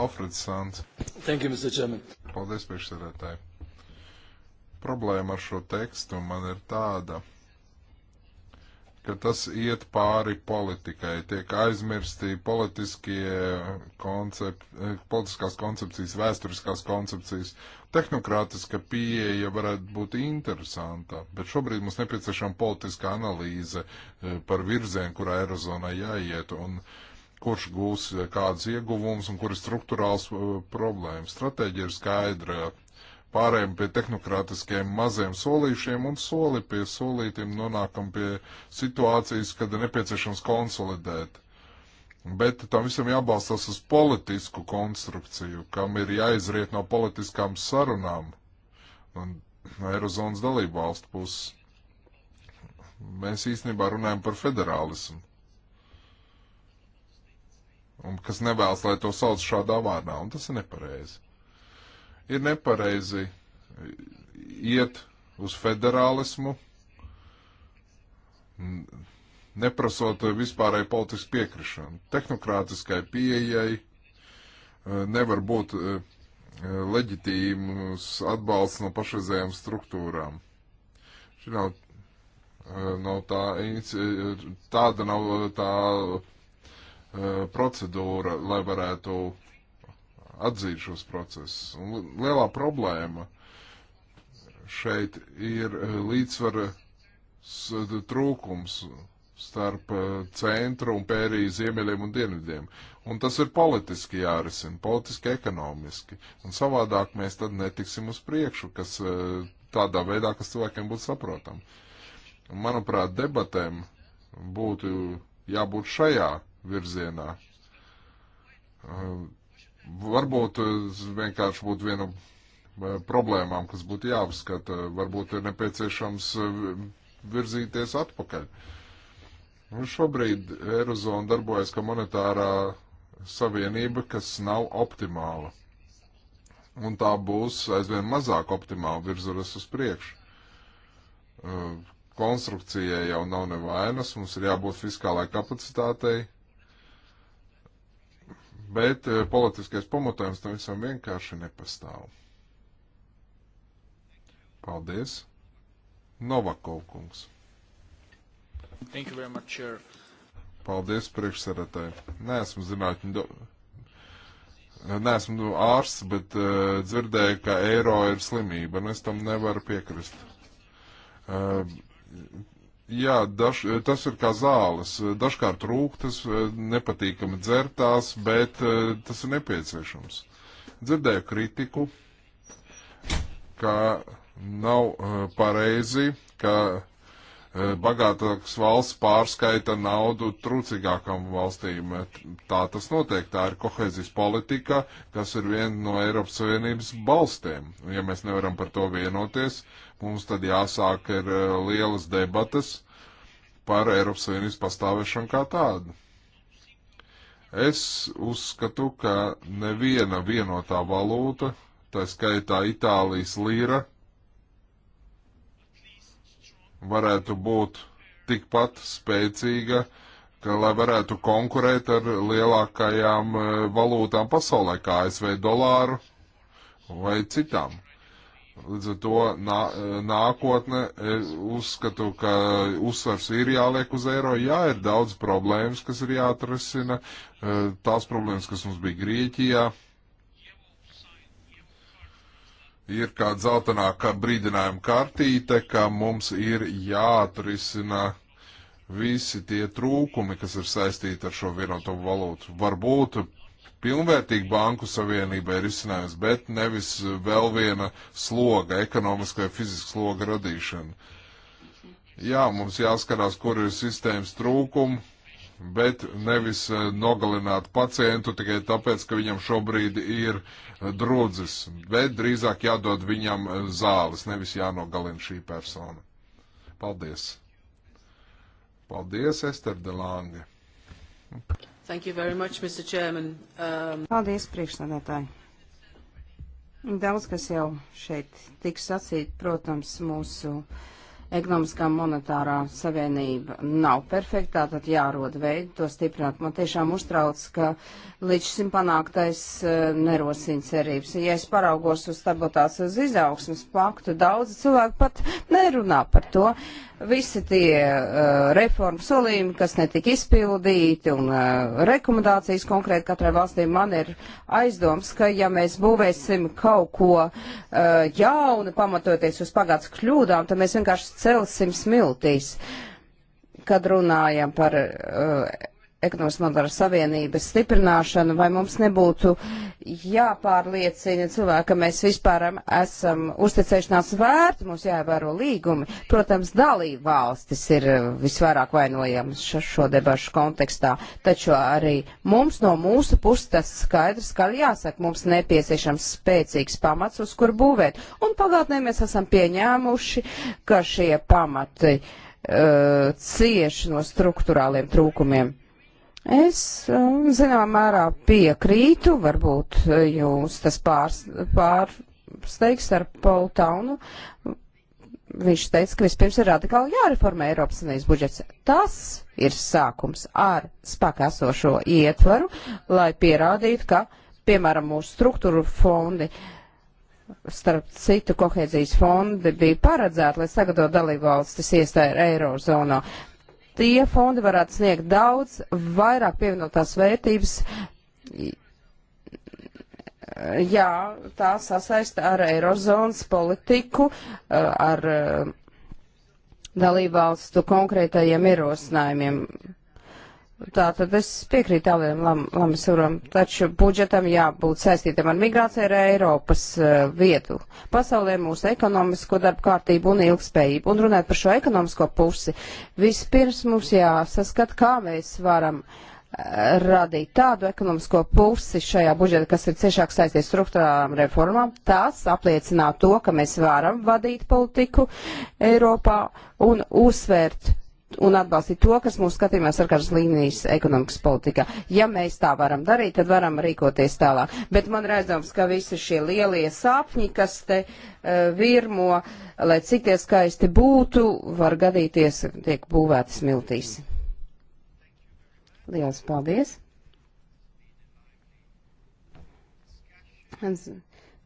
Alfred Sant. Thank you, Mr. Chairman. Paldies, priekšsēdētāji. Problēma ar šo tekstu man ir tāda, ka tas iet pāri politikai, tiek aizmirsti politiskie koncepti, eh, politiskās koncepcijas, vēsturiskās koncepcijas. Tehnokrātiska pieeja varētu būt interesanta, bet šobrīd mums nepieciešama politiska analīze eh, par virzienu, kurā Eirozonai jāiet un kurš gūs eh, kādus ieguvumus un kur ir struktūrāls problēmas. Stratēģija ir skaidra, pārējām pie tehnokrātiskiem maziem solīšiem un soli pie solītiem nonākam pie situācijas, kad ir nepieciešams konsolidēt. Bet tam visam jābalstās uz politisku konstrukciju, kam ir jāizriet no politiskām sarunām un no Eirozonas dalību valstu puses. Mēs īstenībā runājam par federālismu un kas nevēlas, lai to sauc šādā vārdā, un tas ir nepareizi. Ir nepareizi iet uz federālismu, neprasot vispārēju politisku piekrišanu. Tehnokrātiskai pieejai eh, nevar būt eh, leģitīms atbalsts no pašreizējām struktūrām. Šī nav, eh, nav tā, tāda nav tā procedūra, lai varētu atzīt šos procesus. Un lielā problēma šeit ir eh, līdzsvara trūkums starp eh, centru un pēriju ziemeļiem un dienvidiem. Un tas ir politiski jārisina, politiski, ekonomiski. Un savādāk mēs tad netiksim uz priekšu, kas eh, tādā veidā, kas cilvēkiem būtu saprotam. Un, manuprāt, debatēm būtu jābūt šajā virzienā. Varbūt eh, vienkārši būtu viena eh, problēmām, kas būtu jāapskata. Varbūt ir nepieciešams eh, virzīties atpakaļ. Un nu, šobrīd Eirozona darbojas kā monetārā savienība, kas nav optimāla. Un tā būs aizvien mazāk optimāla virzoties uz priekšu. Konstrukcijai jau nav nevainas, mums ir jābūt fiskālai kapacitātei, bet eh, politiskais pamatojums tam visam vienkārši nepastāv. Paldies. Novakov kungs. Thank you very much, Chair. Paldies priekšsēdētāji. Nē, esmu zinātņu. Do... Nē, esmu ārsts, bet uh, dzirdēju, ka eiro ir slimība, un es tam nevaru piekrist. Uh, Jā, daž, eh, tas ir kā zāles. Eh, dažkārt rūk, tas eh, nepatīkami dzertās, bet tas ir nepieciešams. Dzirdēju kritiku, ka nav pareizi, ka bagātākas valsts pārskaita naudu trūcīgākām valstīm. Tā tas notiek, tā ir kohēzijas politika, kas ir viena no Eiropas Savienības balstiem. Ja mēs nevaram par to vienoties, uh, Mums tad jāsāk ir eh, lielas debatas par Eiropas Savienības pastāvēšanu kā tādu. Es uzskatu, ka neviena vienotā valūta, tā skaitā Itālijas līra, varētu būt tikpat spēcīga, ka, lai varētu konkurēt ar lielākajām eh, valūtām pasaulē, kā ASV dolāru vai citām. Līdz ar to nā, nākotne e, uzskatu, ka uzsvars ir jāliek uz eiro. Jā, ir daudz problēmas, kas ir jāatrisina. E, tās problēmas, kas mums bija Grieķijā, ir kā dzeltenā kā brīdinājuma kartīte, ka mums ir jāatrisina visi tie trūkumi, kas ir saistīti ar šo vienoto valūtu. Varbūt pilnvērtīga banku savienība ir izcinājums, bet nevis vēl viena sloga, ekonomiskā vai fiziska sloga radīšana. Jā, mums jāskarās, kur ir sistēmas trūkumi, bet nevis eh, nogalināt pacientu tikai tāpēc, ka viņam šobrīd ir eh, drudzis, bet drīzāk jādod viņam eh, zāles, nevis jānogalina šī persona. Paldies! Paldies, Ester Delange! Thank you. Much, um... Paldies, priekšsādātāji. Daudz, kas jau šeit tiks sacīt, protams, mūsu ekonomiskā monetārā savienība nav perfektā, tad jārod veidi to stiprināt. Man tiešām uztrauc, ka līdz šim panāktais e, nerosina cerības. Ja es paraugos uz stabilitātes uz izaugsmas paktu, daudz cilvēku pat nerunā par to. Visi tie uh, reformu solījumi, kas netika izpildīti un uh, rekomendācijas konkrēti katrai valstī, man ir aizdoms, ka ja mēs būvēsim kaut ko uh, jaunu, pamatoties uz pagātnes kļūdām, tad mēs vienkārši celsim smiltīs, kad runājam par. Uh, ekonomiskā monetāra savienības stiprināšana, vai mums nebūtu jāpārliecina cilvēki, ka mēs vispār esam uzticēšanās vērti, mums jāievēro līgumi. Protams, dalība valstis ir eh, visvairāk vainojams šo, šo debašu kontekstā, taču arī mums no mūsu puses tas skaidrs, ka jāsaka, mums nepieciešams spēcīgs pamats, uz kur būvēt. Un pagātnē mēs esam pieņēmuši, ka šie pamati uh, cieši no struktūrāliem trūkumiem. Es uh, zināmā mērā piekrītu, varbūt uh, jūs tas pārsteigts ar Paulu Taunu. Viņš teica, ka vispirms ir radikāli jāreformē Eiropas Savienības budžets. Tas ir sākums ar spēkā esošo ietvaru, lai pierādītu, ka, piemēram, mūsu struktūru fondi, starp citu kohēzijas fondi bija paredzēti, lai sagatavotu dalībvalstis iestāju Eirozonā tie fondi varētu sniegt daudz vairāk pievienotās vērtības. Jā, tā sasaista ar Eirozonas politiku, ar eh, dalībvalstu konkrētajiem ierosinājumiem. Tā tad es piekrītu Alviem Lam, Lamasuram, taču budžetam jābūt saistītam ar migrāciju ar Eiropas uh, vietu. Pasaulē mūsu ekonomisko darbu kārtību un ilgspējību. Un runāt par šo ekonomisko pusi, vispirms mums jāsaskat, kā mēs varam uh, radīt tādu ekonomisko pusi šajā budžetā, kas ir ciešāk saistīts struktūrālām reformām. Tās apliecināt to, ka mēs varam vadīt politiku Eiropā un uzsvērt un atbalstīt to, kas mūsu skatījumā sarkanas līnijas ekonomikas politikā. Ja mēs tā varam darīt, tad varam rīkoties tālāk. Bet man redzams, ka visi šie lielie sāpņi, kas te uh, virmo, lai cik tie skaisti būtu, var gadīties, tiek būvēti smiltīs. Lielas paldies!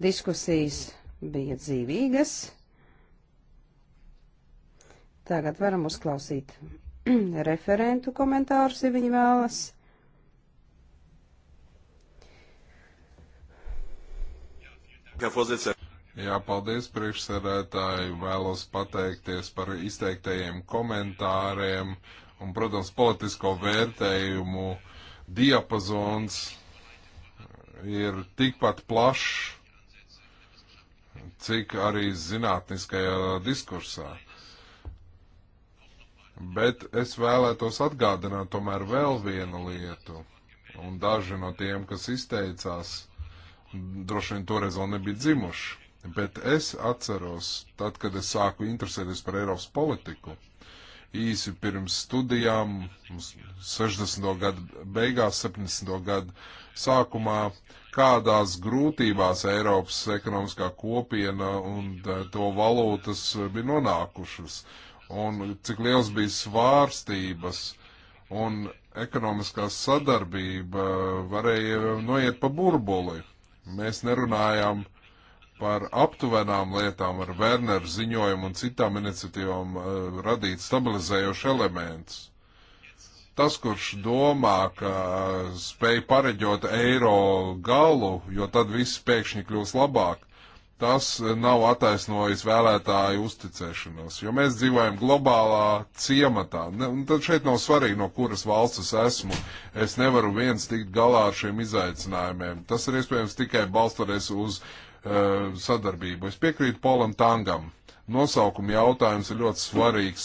Diskusijas bija dzīvīgas. Tagad varam uzklausīt <clears throat> referentu komentārus, ja viņi vēlas. Jā, paldies priekšsēdētāji. Vēlos pateikties par izteiktajiem komentāriem un, protams, politisko vērtējumu diapazons ir tikpat plašs, cik arī zinātniskajā diskursā. Bet es vēlētos atgādināt tomēr vēl vienu lietu. Un daži no tiem, kas izteicās, droši vien toreiz vēl nebija dzimuši. Bet es atceros, tad, kad es sāku interesēties par Eiropas politiku, īsi pirms studijām, 60. gadu beigās, 70. gadu sākumā, kādās grūtībās Eiropas ekonomiskā kopiena un eh, to valūtas bija nonākušas. Uh, un cik liels bija svārstības un ekonomiskā sadarbība varēja noiet pa burbuli. Mēs nerunājām par aptuvenām lietām ar Werneru ziņojumu un citām iniciatīvām uh, radīt stabilizējošu elementus. Tas, kurš domā, ka eh, spēj pareģot eiro galu, jo tad viss pēkšņi kļūs labāk, tas nav attaisnojis vēlētāju uzticēšanos, jo mēs dzīvojam globālā ciematā. Ne, tad šeit nav svarīgi, no kuras valsts es esmu. Es nevaru viens tikt galā ar šiem izaicinājumiem. Tas ir iespējams tikai balstoties uz uh, sadarbību. Es piekrītu Polam Tangam nosaukuma jautājums ir ļoti svarīgs,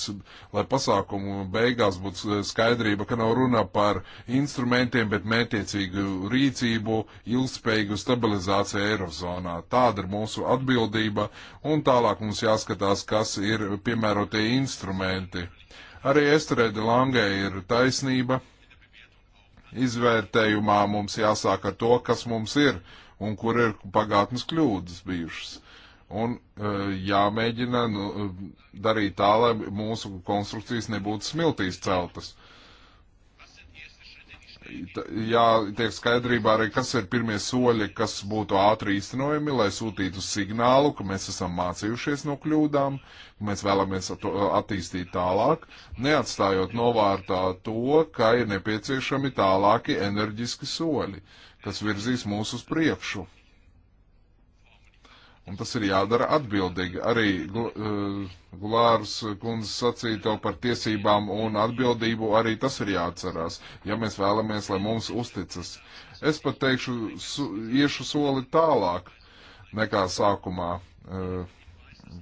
lai pasākumu beigās būtu skaidrība, ka nav runa par instrumentiem, bet mētiecīgu rīcību, ilgspējīgu stabilizāciju Eirozonā. Tāda ir mūsu atbildība, un tālāk mums jāskatās, kas ir piemērotie instrumenti. Arī Esterēda Langē ir taisnība izvērtējumā mums jāsāk ar to, kas mums ir un kur ir pagātnes kļūdas bijušas un e, jāmēģina nu, e, darīt tā, lai mūsu konstrukcijas nebūtu smiltīs celtas. Jā, tiek skaidrībā arī, kas ir pirmie soļi, kas būtu ātri īstenojami, lai sūtītu signālu, ka mēs esam mācījušies no kļūdām, ka mēs vēlamies to attīstīt tālāk, neatstājot novārtā to, ka ir nepieciešami tālāki enerģiski soļi, kas virzīs mūs uz priekšu Un tas ir jādara atbildīgi. Arī uh, eh, Gulārs kundze sacīto par tiesībām un atbildību, arī tas ir jāatcerās, ja mēs vēlamies, lai mums uzticas. Es pat teikšu, su, iešu soli tālāk nekā sākumā. Uh,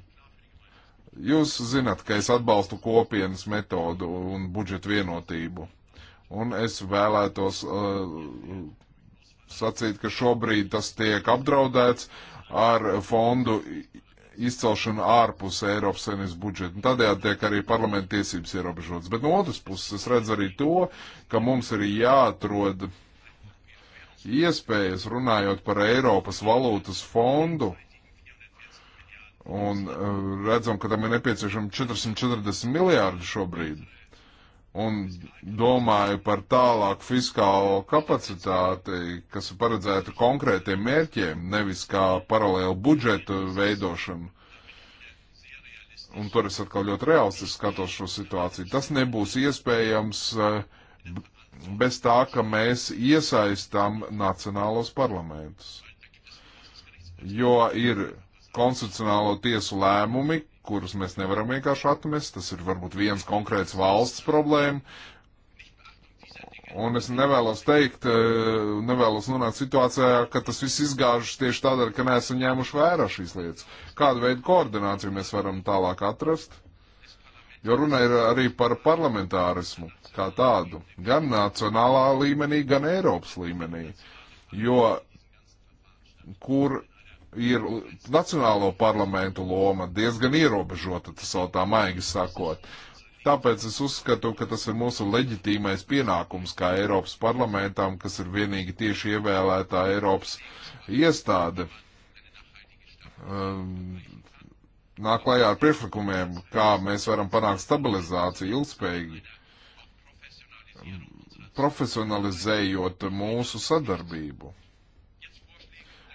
jūs zinat, ka es atbalstu kopienas metodu un budžetu vienotību. Un es vēlētos uh, sacīt, ka šobrīd tas tiek apdraudēts, ar fondu izcelšanu ārpus Eiropas Savienības budžeta. Tādējādi tiek arī parlamenta tiesības ierobežotas. Bet no otras puses es redzu arī to, ka mums ir jāatrod iespējas runājot par Eiropas valūtas fondu. Un uh, redzam, ka tam ir nepieciešami 440 miljārdi šobrīd un domāju par tālāku fiskālo kapacitāti, kas ir paredzēta konkrētiem mērķiem, nevis kā paralēlu budžetu veidošanu. Un tur es atkal ļoti realistiski skatos šo situāciju. Tas nebūs iespējams eh, bez tā, ka mēs iesaistām nacionālos parlamentus. Jo ir konstitucionālo tiesu lēmumi, kurus mēs nevaram vienkārši atmest. Tas ir varbūt viens konkrēts valsts problēma. Un es nevēlos teikt, eh, nevēlos nonākt situācijā, ka tas viss izgāžas tieši tādēļ, ka neesam ņēmuši vērā šīs lietas. Kādu veidu koordināciju mēs varam tālāk atrast? Jo runa ir arī par parlamentārismu kā tādu, gan nacionālā līmenī, gan Eiropas līmenī. Jo kur ir nacionālo parlamentu loma diezgan ierobežota, tas vēl tā maigi sakot. Tāpēc es uzskatu, ka tas ir mūsu leģitīmais pienākums kā Eiropas parlamentam, kas ir vienīgi tieši ievēlētā Eiropas iestāde. Um, nāk klajā ar priekšlikumiem, kā mēs varam panākt stabilizāciju ilgspējīgi, profesionalizējot mūsu sadarbību.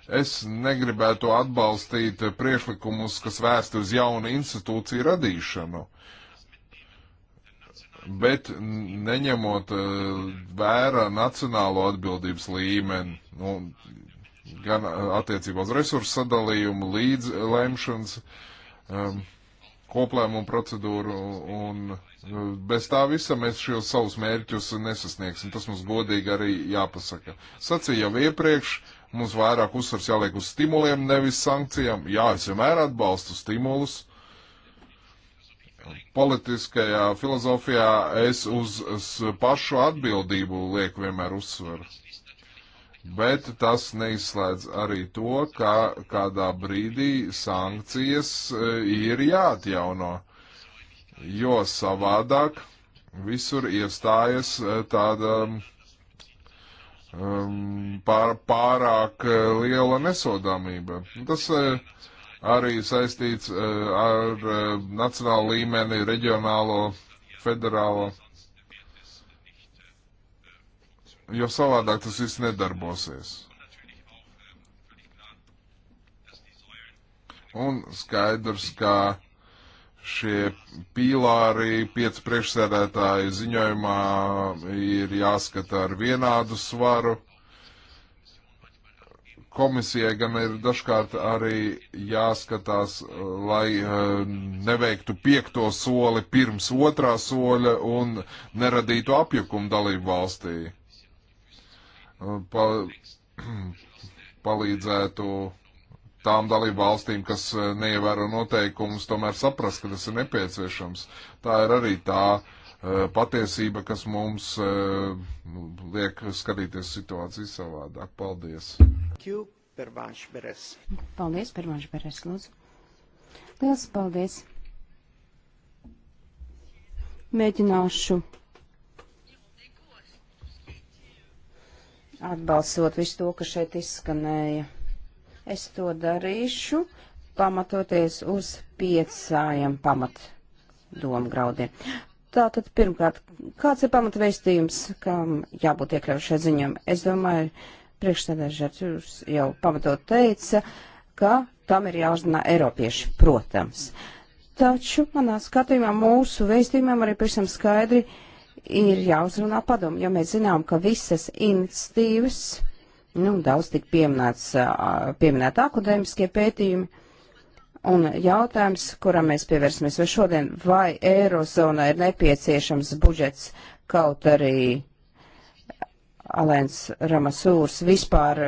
Es negribētu atbalstīt priešlikumus, kas vērsti uz jaunu institūciju radīšanu, bet neņemot eh, vērā nacionālo atbildības līmeni, nu, gan eh, attiecībā uz resursu sadalījumu, līdz lemšanas um, ehm, koplēmumu procedūru un eh, Bez tā visa mēs šos savus mērķus nesasniegsim. Tas mums godīgi arī jāpasaka. Sacīju jau iepriekš, uh, Mums vairāk uzsvars jāliek uz stimuliem, nevis sankcijām. Jā, es vienmēr atbalstu stimulus. Politiskajā filozofijā es uz, uz pašu atbildību lieku vienmēr uzsvaru. Bet tas neizslēdz arī to, ka kādā brīdī sankcijas e, ir jāatjauno, jo savādāk visur iestājas e, tāda. Um, Um, pār, pārāk uh, liela nesodāmība. Tas uh, arī saistīts uh, ar nacionālu līmeni, reģionālo, federālo, jo savādāk tas viss nedarbosies. Un skaidrs, ka Šie pīlāri pieci priekšsēdētāji ziņojumā ir jāskata ar vienādu svaru. Komisijai gan ir dažkārt arī jāskatās, lai eh, neveiktu piekto soli pirms otrā soļa un neradītu apjukumu dalību valstī. Eh, pa, <clears throat> palīdzētu tām dalību valstīm, kas eh, neievēro noteikumus, tomēr saprast, ka tas ir nepieciešams. Tā ir arī tā uh, patiesība, kas mums uh, liek skatīties situāciju savādāk. Paldies! Paldies, Pervāņš Beres, lūdzu. Liels paldies! Mēģināšu atbalstot visu to, kas šeit izskanēja Es to darīšu, pamatoties uz piecājiem pamat domu graudiem. Tātad, pirmkārt, kāds ir pamatveistījums, kam jābūt iekļaušai ziņām? Es domāju, priekšstādāžārs jūs jau pamatot teica, ka tam ir jāuzzina Eiropieši, protams. Taču, manā skatījumā, mūsu veistījumam arī pavisam skaidri ir jāuzrunā padomu, jo mēs zinām, ka visas institīvas Nu, daudz tik pieminēts, pieminēt akadēmiskie pētījumi. Un jautājums, kuram mēs pievērsimies vēl šodien, vai Eirozonā ir nepieciešams budžets kaut arī Alēns Ramasūrs vispār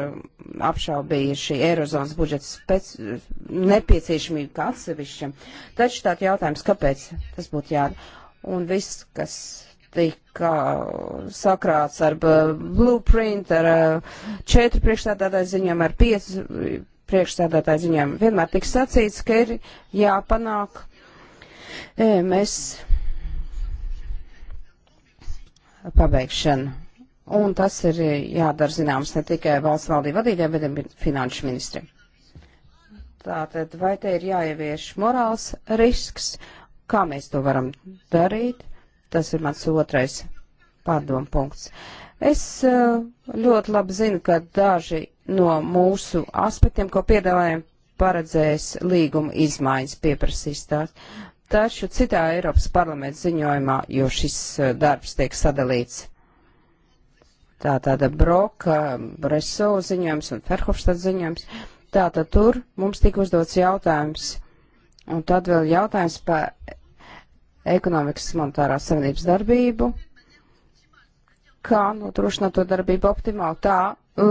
apšaubīja šī Eirozonas budžeta spēc, nepieciešamību kā atsevišķam. Taču tāds jautājums, kāpēc tas būtu jādara? Un viss, kas tika sakrāts ar uh, blueprint, ar uh, četru priekšstādātāju ziņām, ar piecu priekšstādātāju ziņām. Vienmēr tika sacīts, ka ir jāpanāk. E, mēs pabeigšanu. Un tas ir eh, jādara zināms ne tikai valsts valdību vadītājiem, bet arī finanšu ministriem. Tātad, vai te ir jāievieš morāls risks, kā mēs to varam darīt? Tas ir mans otrais pārdomu punkts. Es eh, ļoti labi zinu, ka daži no mūsu aspektiem, ko piedāvājam, paredzēs līguma izmaiņas pieprasīs tās. Taču citā Eiropas parlamenta ziņojumā, jo šis eh, darbs tiek sadalīts tā tāda Broka, Breso ziņojums un Ferhofstad ziņojums. Tātad tur mums tika uzdots jautājums, un tad vēl jautājums par ekonomikas monetārās savienības darbību, kā nodrošināt to darbību optimāli tā,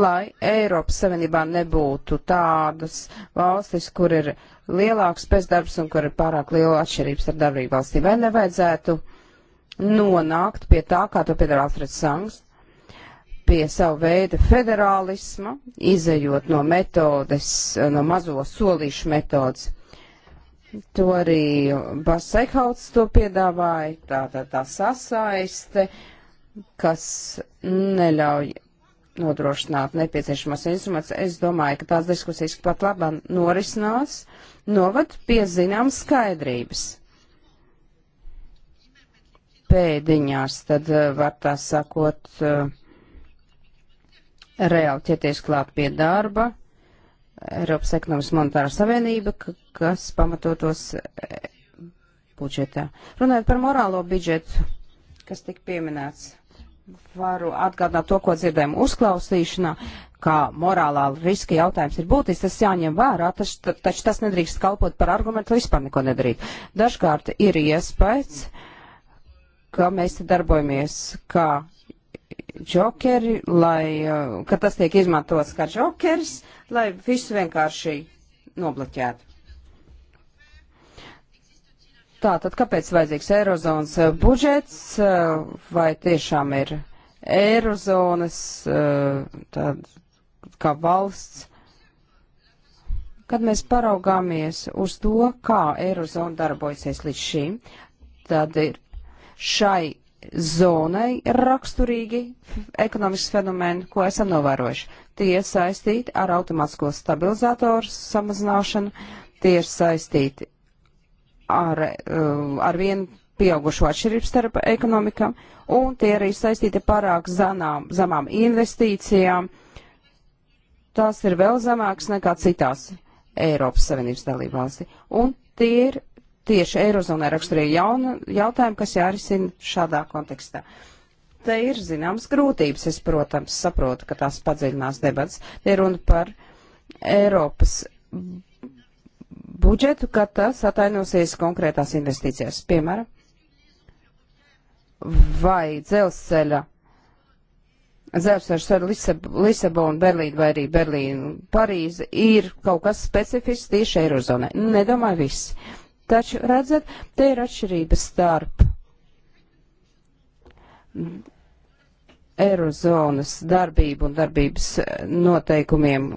lai Eiropas Savienībā nebūtu tādas valstis, kur ir lielāks bezdarbs un kur ir pārāk liela atšķirības ar darbību valstī, vai nevajadzētu nonākt pie tā, kā to piedara Alfreds Sangs, pie savu veidu federālisma, izējot no metodes, no mazo solīšu metodes. To arī Basēkauts to piedāvāja, tā, tā, tā sasaiste, kas neļauj nodrošināt nepieciešamās instruments. Es domāju, ka tās diskusijas pat labam norisinās, novad pie zinām skaidrības. Pēdiņās tad eh, var tā sakot eh, reāli ķerties klāt pie darba Eiropas ekonomiskā monetāra savienība, kas pamatotos e, budžetā. Runājot par morālo budžetu, kas tika pieminēts, varu atgādināt to, ko dzirdējām uzklausīšanā, kā morālā riska jautājums ir būtisks, tas jāņem vērā, taču, taču tas nedrīkst kalpot par argumentu, lai vispār neko nedarīt. Dažkārt ir iespējas, ka mēs te darbojamies kā džokeri, lai, uh, ka tas tiek izmantots kā džokers, lai visu vienkārši nobloķētu. Tā, tad kāpēc vajadzīgs Eirozonas uh, budžets, uh, vai tiešām ir Eirozonas tād, kā valsts? Kad mēs paraugāmies uz to, kā Eirozona darbojasies līdz šim, tad ir šai zonai raksturīgi ekonomiski fenomeni, ko esam novērojuši. Tie ir saistīti ar automātisko stabilizātoru samazināšanu, tie ir saistīti ar, uh, ar vienu pieaugušo atšķirību starp ekonomikām, un tie arī saistīti pārāk zanām, zamām investīcijām. Tās ir vēl zemākas nekā citās Eiropas Savienības dalībvalstī. Un tie ir tieši Eirozonai raksturīgi jaunu jautājumu, kas jārisina šādā kontekstā. Te ir zināmas grūtības, es, protams, saprotu, ka tās padziļinās debats. Te runa par Eiropas budžetu, ka tas atainosies konkrētās investīcijās. Piemēram, vai dzelzceļa, dzelzceļa Lisab Lisabona, Berlīna vai arī Berlīna, Parīze ir kaut kas specifisks tieši Eirozonai. Nedomāju viss. Taču, redzat, te ir atšķirība starp Eirozonas darbību un darbības noteikumiem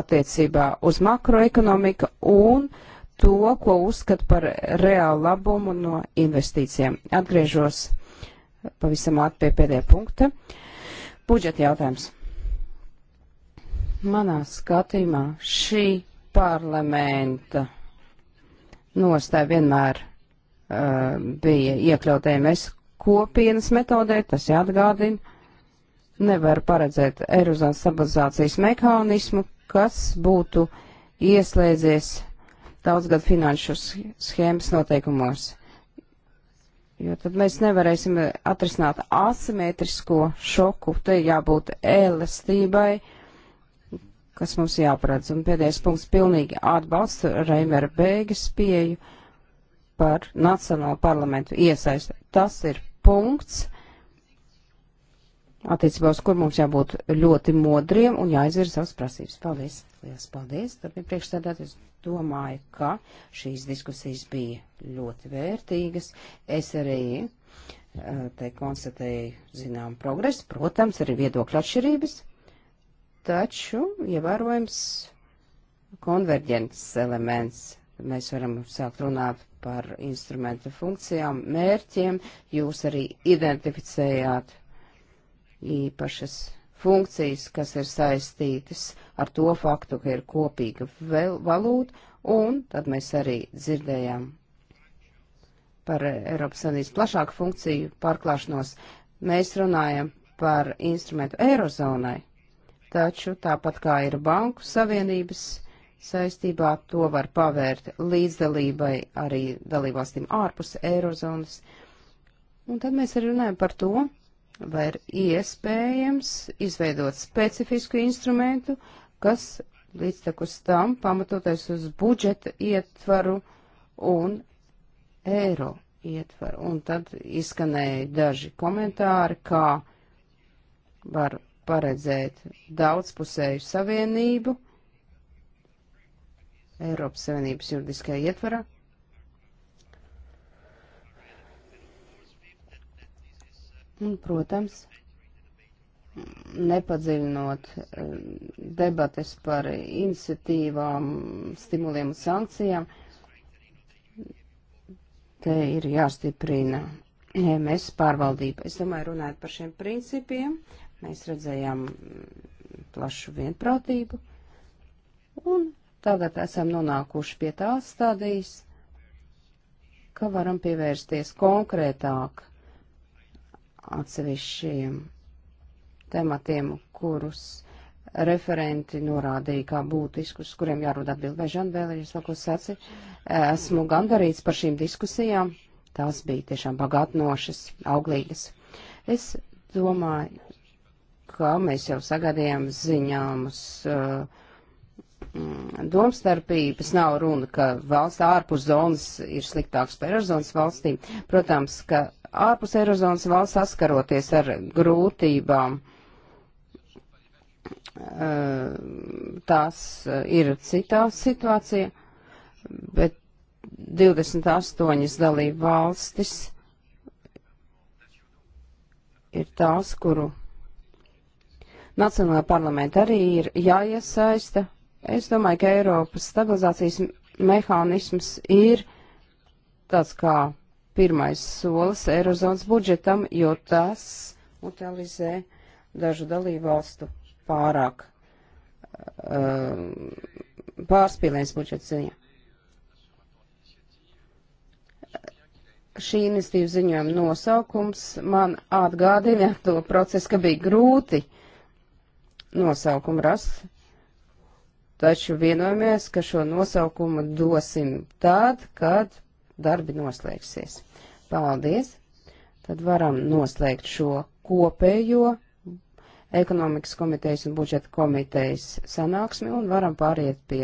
attiecībā uz makroekonomiku un to, ko uzskata par reālu labumu no investīcijām. Atgriežos pavisam ātri pie pēdējā punkta. Budžeta jautājums. Manā skatījumā šī parlamenta nostāja vienmēr uh, bija iekļaut EMS kopienas metodē, tas jāatgādina. Nevar paredzēt erozijas stabilizācijas mehānismu, kas būtu ieslēdzies daudzgad finanšu schēmas noteikumos. Jo tad mēs nevarēsim atrisināt asimetrisko šoku, te jābūt elastībai. Uh, kas mums jāparedz. Un pēdējais punkts pilnīgi atbalsta Reimera beigas pieju par Nacionālo parlamentu iesaisti. Tas ir punkts, attiecībā uz kur mums jābūt ļoti modriem un jāizvir savas prasības. Paldies! Lielas paldies! Turpin priekšstādāties. Domāju, ka šīs diskusijas bija ļoti vērtīgas. Es arī eh, te konstatēju, zinām, progresu, protams, arī viedokļu atšķirības taču ievērojams konverģents elements. Mēs varam sākt runāt par instrumentu funkcijām, mērķiem. Jūs arī identificējāt īpašas funkcijas, kas ir saistītas ar to faktu, ka ir kopīga valūta, un tad mēs arī dzirdējām par Eiropas Savienības plašāku funkciju pārklāšanos. Mēs runājam par instrumentu Eirozonai, taču tāpat kā ir banku savienības saistībā, to var pavērt līdzdalībai arī dalībvalstīm ārpus eirozonas. Un tad mēs arī runājam par to, vai ir iespējams izveidot specifisku instrumentu, kas līdztekus tam pamatoties uz budžeta ietvaru un eiro ietvaru. Un tad izskanēja daži komentāri, kā var paredzēt daudzpusēju savienību Eiropas Savienības juridiskajā ietvarā. Un, protams, nepadziļinot eh, debates par iniciatīvām, stimuliem un sankcijām, te ir jāstiprina e MS pārvaldība. Es domāju, runājot par šiem principiem, Mēs redzējām mm, plašu vienprātību, un tagad esam nonākuši pie tās stadijas, ka varam pievērsties konkrētāk atsevišķiem tematiem, kurus referenti norādīja kā būtiskus, kuriem jārod atbild. Vai Žan vēl ir kaut ko saci? Esmu gandarīts par šīm diskusijām. Tās bija tiešām bagātnošas, auglīgas. Es domāju, ka mēs jau sagadījām ziņāmas uh, domstarpības. Nav runa, ka valsts ārpus zonas ir sliktāks par Eirozonas valstīm. Protams, ka ārpus Eirozonas valsts saskaroties ar grūtībām, uh, tās ir citā situācija, bet 28 dalību valstis ir tās, kuru Nacionālajā parlamentā arī ir jāiesaista. Es domāju, ka Eiropas stabilizācijas mehānisms ir tāds kā pirmais solis Eirozonas budžetam, jo tas utilizē dažu dalību valstu pārāk uh, pārspīlējums budžeta ziņā. Šī inicitīva ziņojuma nosaukums man atgādina to procesu, ka bija grūti nosaukumu rast, taču vienojamies, ka šo nosaukumu dosim tad, kad darbi noslēgsies. Paldies! Tad varam noslēgt šo kopējo ekonomikas komitejas un budžeta komitejas sanāksmi un varam pāriet pie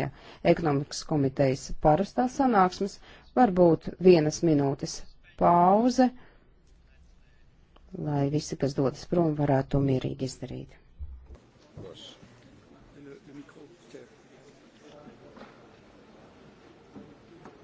ekonomikas komitejas parastās sanāksmes. Varbūt vienas minūtes pauze, lai visi, kas dodas prom, varētu to mierīgi izdarīt. Yes